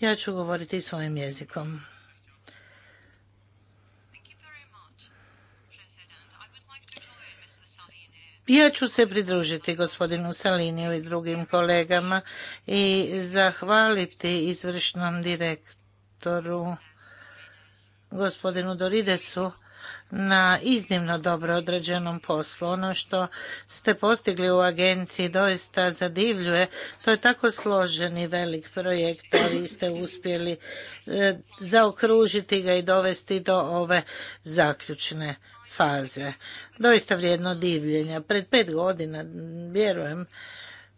Ja ću govoriti svojim jezikom. Ja ću se pridružiti gospodinu Saliniju i drugim kolegama i zahvaliti izvršnom direktoru gospodinu Doridesu na iznimno dobro određenom poslu. Ono što ste postigli u agenciji doista zadivljuje. To je tako složen i velik projekt, ali ste uspjeli e, zaokružiti ga i dovesti do ove zaključne faze. Doista vrijedno divljenja. Pred pet godina, vjerujem,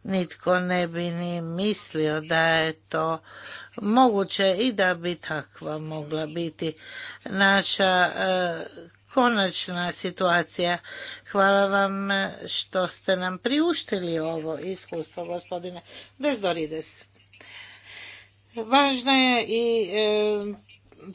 nitko ne bi ni mislio da je to moguće i da bi takva mogla biti naša e, konačna situacija. Hvala vam što ste nam priuštili ovo iskustvo, gospodine Desdorides. Važno je i e,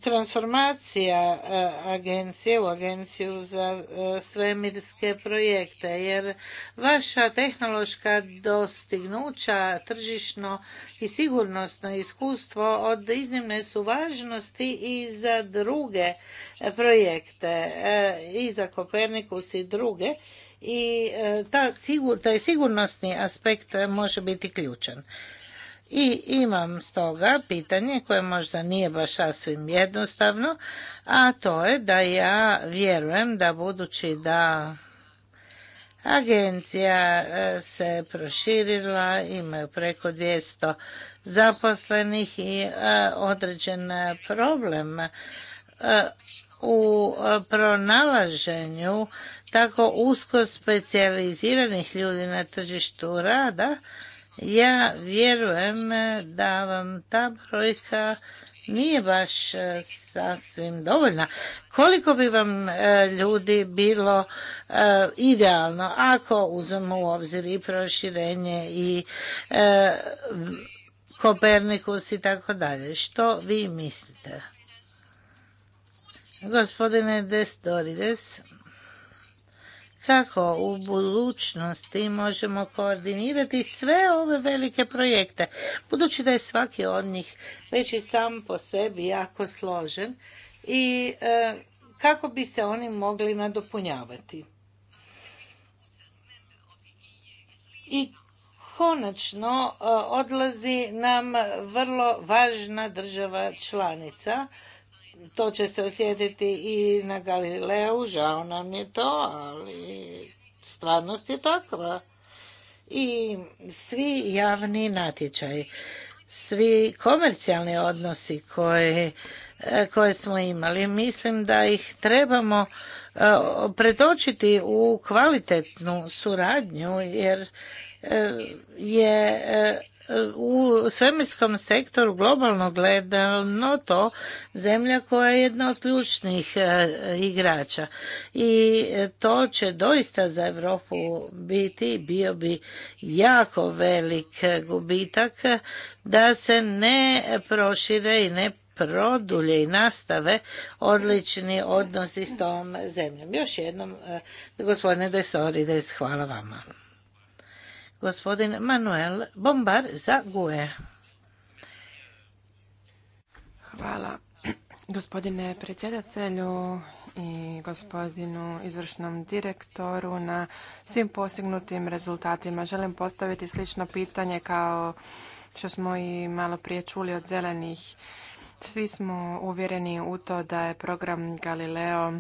transformacija e, agencije u agenciju za e, svemirske projekte jer vaša tehnološka dostignuća tržišno i sigurnosno iskustvo od iznimne su važnosti i za druge e, projekte i za Kopernikus i druge i ta, taj sigurnosni aspekt može biti ključan. I imam stoga pitanje koje možda nije baš sasvim jednostavno, a to je da ja vjerujem da budući da agencija e, se proširila, imaju preko 200 zaposlenih i e, određen problem e, u pronalaženju tako usko specijaliziranih ljudi na tržištu rada ja vjerujem e, da vam ta brojka nije baš e, sasvim dovoljna. Koliko bi vam e, ljudi bilo idealno ako uzmemo u obzir i proširenje i Kopernikus i tako dalje. Što vi mislite? Gospodine Destorides kako u budućnosti možemo koordinirati sve ove velike projekte, budući da je svaki od njih već i sam po sebi jako složen i e, kako bi se oni mogli nadopunjavati. I konačno e, odlazi nam vrlo važna država članica to će se osjetiti i na Galileu, žao nam je to, ali stvarnost je takva. I svi javni natječaj, svi komercijalni odnosi koje, koje smo imali, mislim da ih trebamo e, pretočiti u kvalitetnu suradnju jer e, je e, u svemirskom sektoru globalno gledano to zemlja koja je jedna od ključnih e, igrača i e, to će doista za Europu biti bio bi jako velik e, gubitak da se ne prošire i ne produlje i nastave odlični odnosi s tom zemljom. Još jednom, gospodine Desorides, hvala vama gospodin Manuel Bombar za e. Hvala gospodine predsjedatelju i gospodinu izvršnom direktoru na svim postignutim rezultatima. Želim postaviti slično pitanje kao što smo i malo prije čuli od zelenih. Svi smo uvjereni u to da je program Galileo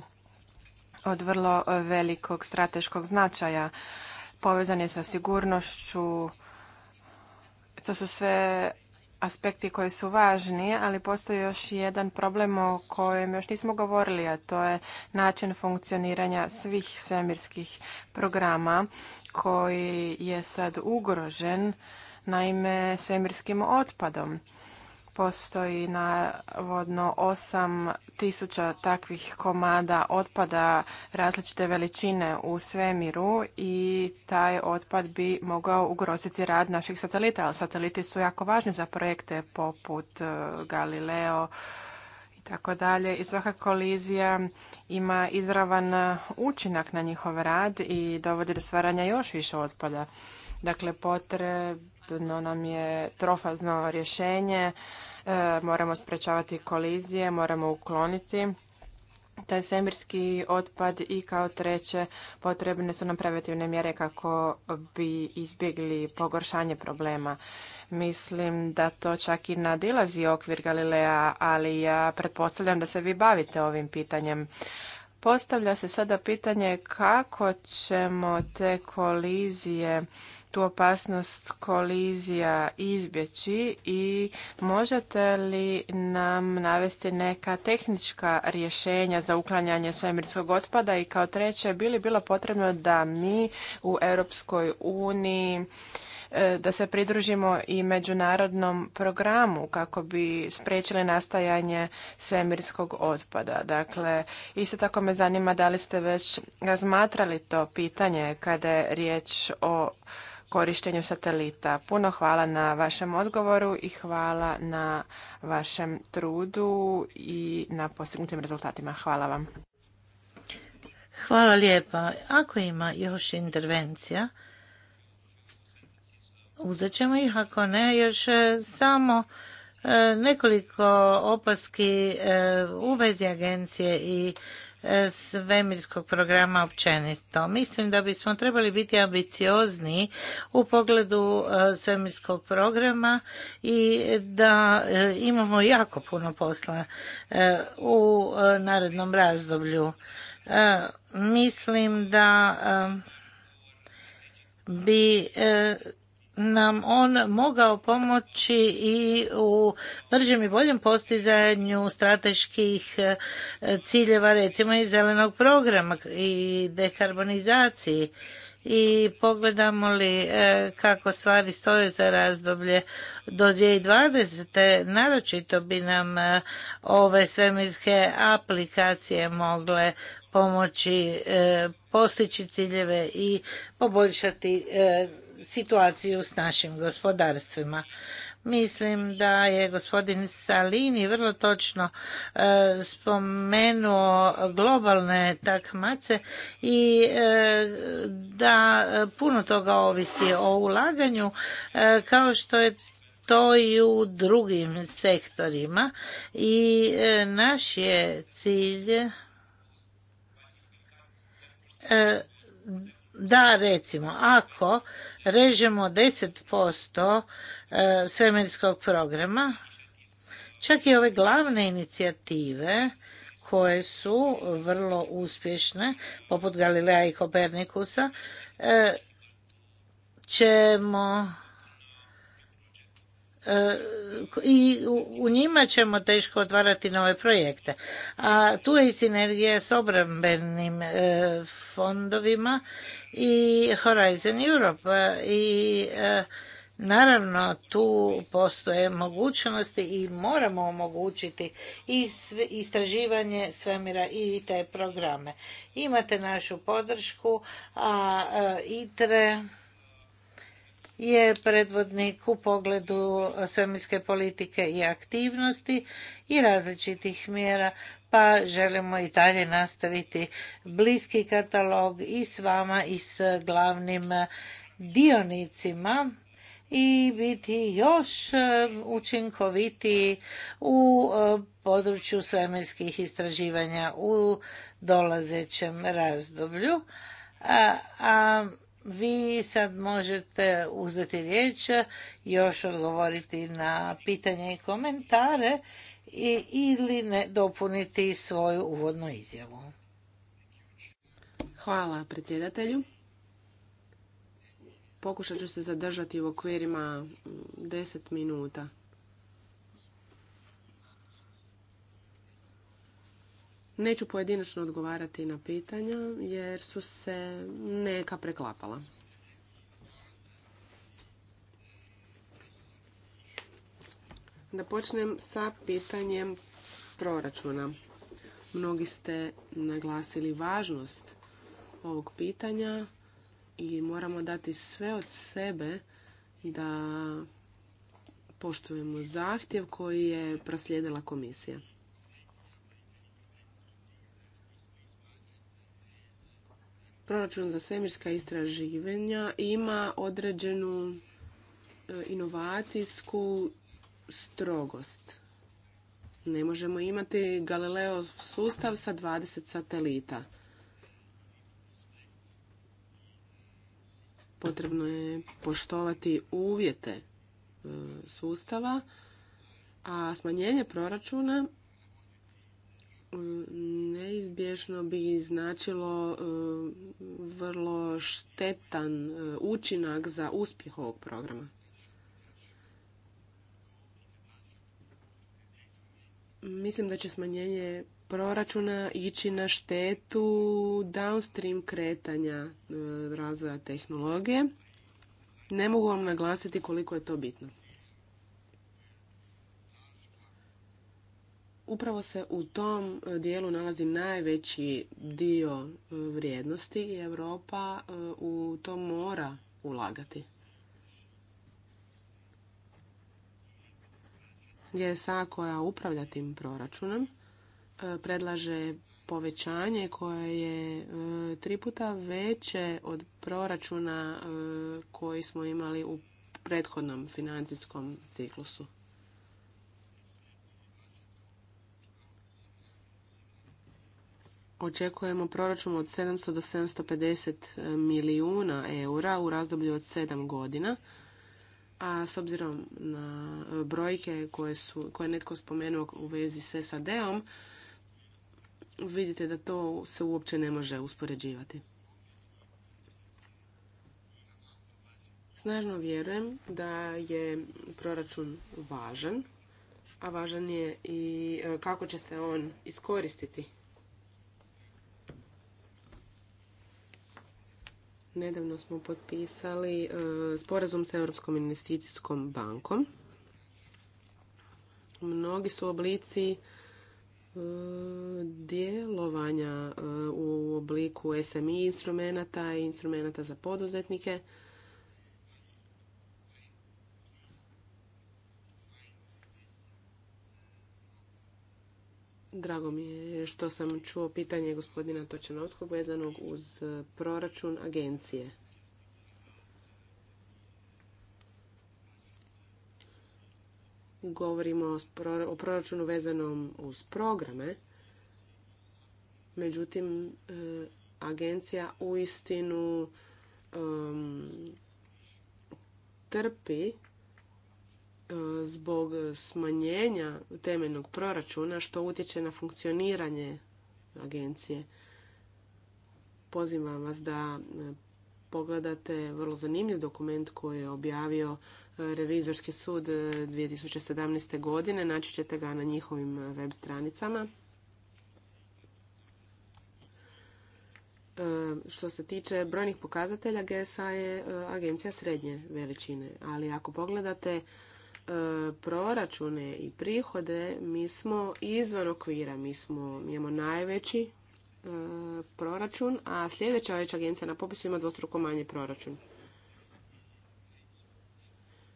od vrlo velikog strateškog značaja povezan je sa sigurnošću. To su sve aspekti koji su važni, ali postoji još jedan problem o kojem još nismo govorili, a to je način funkcioniranja svih svemirskih programa koji je sad ugrožen naime svemirskim otpadom. Postoji navodno tisuća takvih komada otpada različite veličine u svemiru i taj otpad bi mogao ugroziti rad naših satelita, ali sateliti su jako važni za projekte poput e, Galileo i tako dalje. I svaka kolizija ima izravan učinak na njihov rad i dovodi do stvaranja još više otpada. Dakle, potreb potrebno nam je trofazno rješenje, e, moramo sprečavati kolizije, moramo ukloniti taj svemirski otpad i kao treće potrebne su nam preventivne mjere kako bi izbjegli pogoršanje problema. Mislim da to čak i nadilazi okvir Galilea, ali ja pretpostavljam da se vi bavite ovim pitanjem. Postavlja se sada pitanje kako ćemo te kolizije tu opasnost kolizija izbjeći i možete li nam navesti neka tehnička rješenja za uklanjanje svemirskog otpada i kao treće bi li bilo potrebno da mi u Europskoj uniji e, da se pridružimo i međunarodnom programu kako bi spriječili nastajanje svemirskog otpada. Dakle, isto tako me zanima da li ste već razmatrali to pitanje kada je riječ o korištenju satelita. Puno hvala na vašem odgovoru i hvala na vašem trudu i na postignutim rezultatima. Hvala vam. Hvala lijepa. Ako ima još intervencija, uzet ćemo ih, ako ne, još e, samo e, nekoliko opaski e, u vezi agencije i E, svemirskog programa općenito. Mislim da bismo trebali biti ambiciozni u pogledu e, svemirskog programa i da e, imamo jako puno posla u narednom razdoblju. Mislim da bi nam on mogao pomoći i u bržem i boljem postizanju strateških e, ciljeva, recimo i zelenog programa i dekarbonizaciji. I pogledamo li e, kako stvari stoje za razdoblje do 2020. Naročito bi nam e, ove svemirske aplikacije mogle pomoći postići ciljeve i poboljšati situaciju s našim gospodarstvima. Mislim da je gospodin Salini vrlo točno e, spomenuo globalne takmace i e, da puno toga ovisi o ulaganju e, kao što je to i u drugim sektorima i naš je cilj da recimo ako režemo 10% e, svemirskog programa, čak i ove glavne inicijative koje su vrlo uspješne, poput Galilea i Kopernikusa, e, ćemo E, i u njima ćemo teško otvarati nove projekte. A tu je i sinergija s obrambenim e, fondovima i Horizon Europe i e, Naravno, tu postoje mogućnosti i moramo omogućiti istraživanje svemira i te programe. Imate našu podršku, a ITRE je predvodnik u pogledu svemirske politike i aktivnosti i različitih mjera, pa želimo i dalje nastaviti bliski katalog i s vama i s glavnim dionicima i biti još učinkovitiji u području svemirskih istraživanja u dolazećem razdoblju. a vi sad možete uzeti riječ, još odgovoriti na pitanje i komentare i, ili ne dopuniti svoju uvodnu izjavu. Hvala predsjedatelju. Pokušat ću se zadržati u okvirima 10 minuta. Neću pojedinačno odgovarati na pitanja jer su se neka preklapala. Da počnem sa pitanjem proračuna. Mnogi ste naglasili važnost ovog pitanja i moramo dati sve od sebe da poštujemo zahtjev koji je proslijedila komisija. proračun za svemirska istraživanja ima određenu e, inovacijsku strogost. Ne možemo imati Galileo sustav sa 20 satelita. Potrebno je poštovati uvjete e, sustava, a smanjenje proračuna neizbježno bi značilo e, vrlo štetan e, učinak za uspjeh ovog programa. Mislim da će smanjenje proračuna ići na štetu downstream kretanja e, razvoja tehnologije. Ne mogu vam naglasiti koliko je to bitno. upravo se u tom e, dijelu nalazi najveći dio e, vrijednosti i Europa e, u to mora ulagati. GSA koja upravlja tim proračunom predlaže povećanje koje je tri puta veće od proračuna koji smo imali u prethodnom financijskom ciklusu. očekujemo proračun od 700 do 750 e, milijuna eura u razdoblju od 7 godina. A s obzirom na e, brojke koje, su, koje je netko spomenuo u vezi s SAD-om, vidite da to se uopće ne može uspoređivati. Snažno vjerujem da je proračun važan, a važan je i e, kako će se on iskoristiti Nedavno smo potpisali e, sporazum sa Europskom investicijskom bankom. Mnogi su oblici e, djelovanja e, u obliku SMI instrumenta i instrumenta za poduzetnike. Drago mi je što sam čuo pitanje gospodina Točanovskog vezanog uz proračun agencije. Govorimo o proračunu vezanom uz programe, međutim, e, agencija u istinu trpi E, zbog smanjenja temeljnog proračuna što utječe na funkcioniranje agencije. Pozivam vas da e, pogledate vrlo zanimljiv dokument koji je objavio e, Revizorski sud 2017. godine. Naći ćete ga na njihovim web stranicama. Što se tiče brojnih pokazatelja, GSA je agencija srednje veličine, ali ako pogledate E, proračune i prihode, mi smo izvan okvira, mi imamo najveći e, proračun, a sljedeća već agencija na popisu ima dvostruko manji proračun.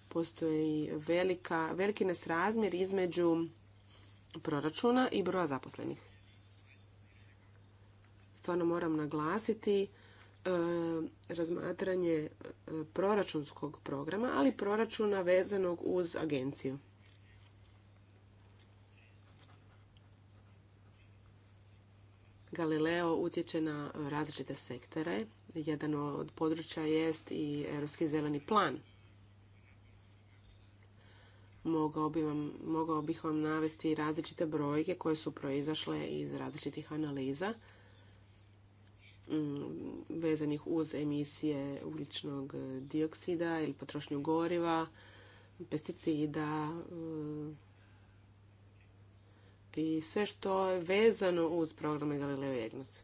Postoji velika, veliki nesrazmjer između proračuna i broja zaposlenih. Stvarno moram naglasiti razmatranje e, proračunskog programa, ali proračuna vezanog uz agenciju. Galileo utječe na različite sektore. Jedan od područja jest i Europski zeleni plan. Mogao, mogao bih vam navesti različite brojke koje su proizašle iz različitih analiza Mm, vezanih uz emisije ugljičnog e, dioksida ili potrošnju goriva, pesticida e, i sve što je vezano uz programe Galileo Egnos.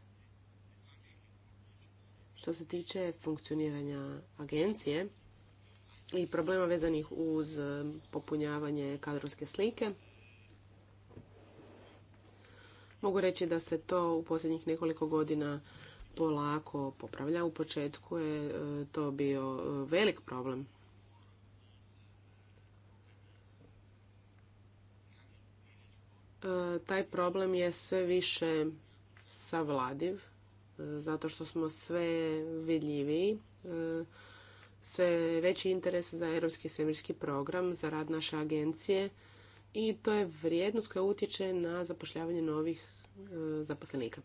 Što se tiče funkcioniranja agencije i problema vezanih uz e, popunjavanje kadrovske slike, mogu reći da se to u posljednjih nekoliko godina polako popravlja. U početku je e, to bio e, velik problem. E, taj problem je sve više savladiv, zato što smo sve vidljiviji, sve veći interes za Europski svemirski program, za rad naše agencije i to je vrijednost koja utječe na zapošljavanje novih zaposlenika.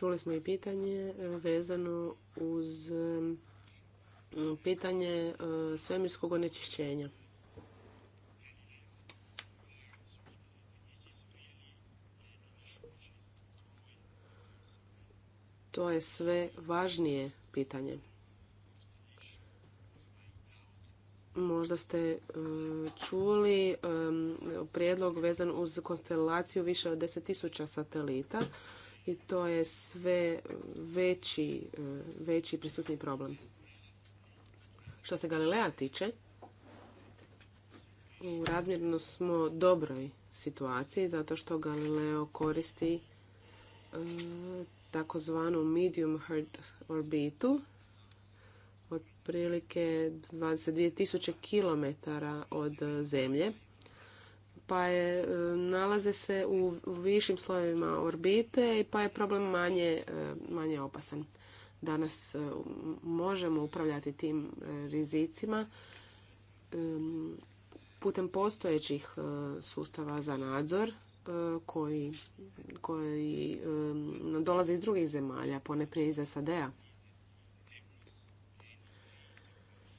Čuli smo i pitanje e, vezano uz e, pitanje e, svemirskog onečišćenja. To je sve važnije pitanje. Možda ste čuli prijedlog vezan uz konstelaciju više od 10.000 satelita i to je sve veći, e, veći prisutni problem. Što se Galilea tiče, u razmjerno smo dobroj situaciji zato što Galileo koristi e, takozvanu medium hard orbitu otprilike 22.000 km od zemlje pa je, e, nalaze se u višim slojevima orbite i pa je problem manje, e, manje opasan. Danas e, možemo upravljati tim rizicima putem postojećih sustava za nadzor koji, koji dolaze iz drugih zemalja, prije iz SAD-a.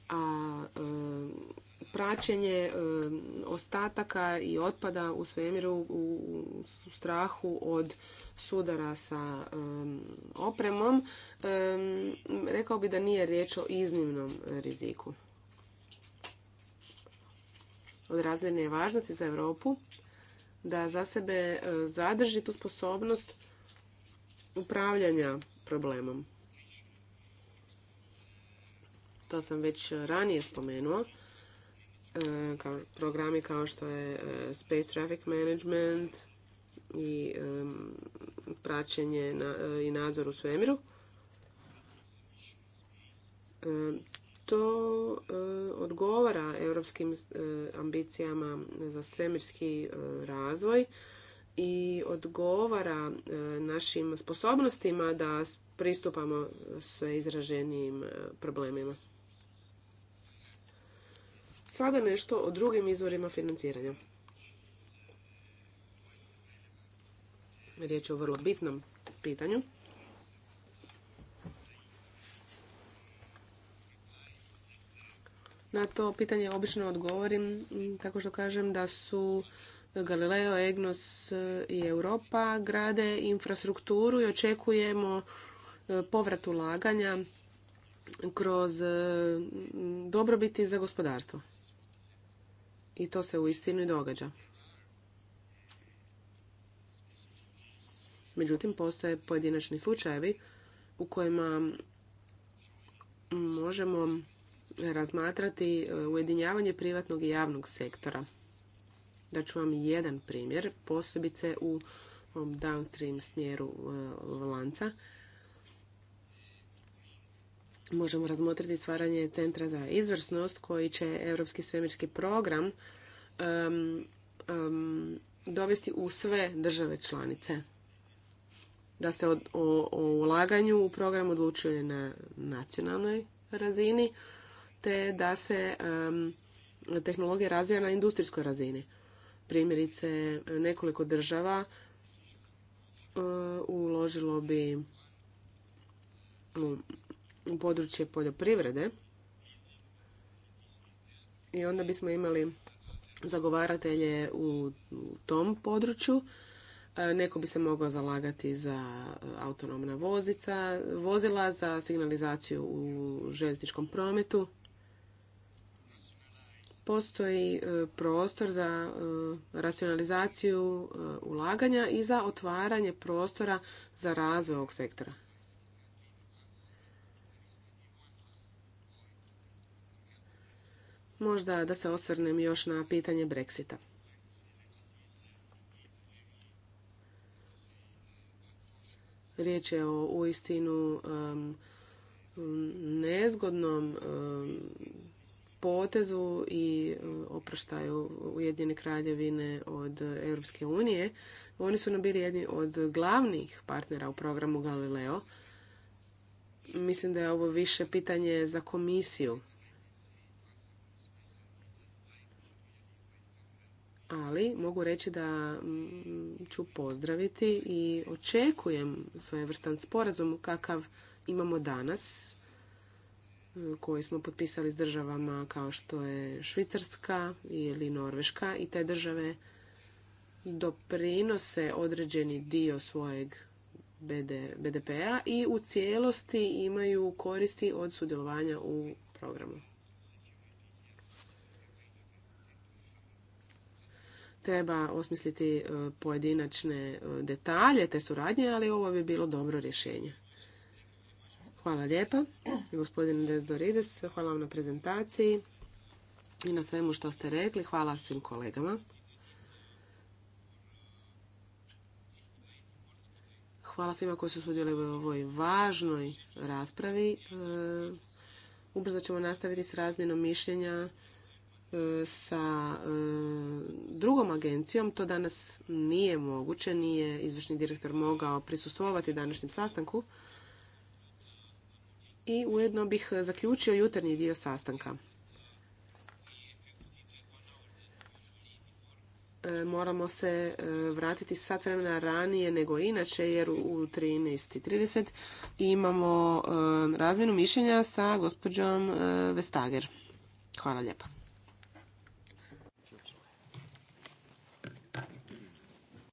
a praćenje e, ostataka i otpada u svemiru u strahu od sudara sa e, opremom, e, rekao bi da nije riječ o iznimnom riziku. Od razmjerne važnosti za Europu da za sebe zadrži tu sposobnost upravljanja problemom. To sam već ranije spomenuo. E, kao, programi kao što je e, Space Traffic Management i e, praćenje i nadzor u svemiru. To odgovara europskim ambicijama za svemirski razvoj i odgovara našim sposobnostima da pristupamo sve izraženijim problemima. Sada nešto o drugim izvorima financiranja. Riječ je o vrlo bitnom pitanju. Na to pitanje obično odgovorim tako što kažem da su Galileo, Egnos i Europa grade infrastrukturu i očekujemo e, povrat ulaganja kroz e, dobrobiti za gospodarstvo. I to se uistinu i događa. Međutim, postoje pojedinačni slučajevi u kojima možemo razmatrati e, ujedinjavanje privatnog i javnog sektora. Da ću vam jedan primjer, posebice u downstream smjeru e, lanca možemo razmotriti stvaranje centra za izvrsnost koji će europski svemirski program dovesti u sve države članice da se o, ulaganju u program odlučuje na nacionalnoj razini te da se tehnologija razvija na industrijskoj razini primjerice nekoliko država e, uložilo bi u područje poljoprivrede i onda bismo imali zagovaratelje u tom području. E, neko bi se mogao zalagati za autonomna vozica, vozila, za signalizaciju u željezničkom prometu. Postoji e, prostor za e, racionalizaciju ulaganja i za otvaranje prostora za razvoj ovog sektora. Možda da se osvrnem još na pitanje Brexita. Riječ je o uistinu nezgodnom potezu i oproštaju Ujedinjene kraljevine od Europske unije. Oni su nam bili jedni od glavnih partnera u programu Galileo. Mislim da je ovo više pitanje za komisiju. ali mogu reći da mm, ću pozdraviti i očekujem svojevrstan sporazum kakav imamo danas e, koji smo potpisali s državama kao što je Švicarska ili Norveška i te države doprinose određeni dio svojeg BDP-a i u cijelosti imaju koristi od sudjelovanja u programu. Treba osmisliti e, pojedinačne e, detalje te suradnje, ali ovo bi bilo dobro rješenje. Hvala lijepa, gospodin Desdorides, hvala vam na prezentaciji i na svemu što ste rekli. Hvala svim kolegama. Hvala svima koji su sudjelovali u ovoj važnoj raspravi. E, ubrzo ćemo nastaviti s razmjenom mišljenja sa e, drugom agencijom. To danas nije moguće, nije izvršni direktor mogao prisustvovati današnjem sastanku. I ujedno bih zaključio jutarnji dio sastanka. E, moramo se e, vratiti sat vremena ranije nego inače jer u 13.30 imamo razmjenu mišljenja sa gospođom Vestager. Hvala lijepa.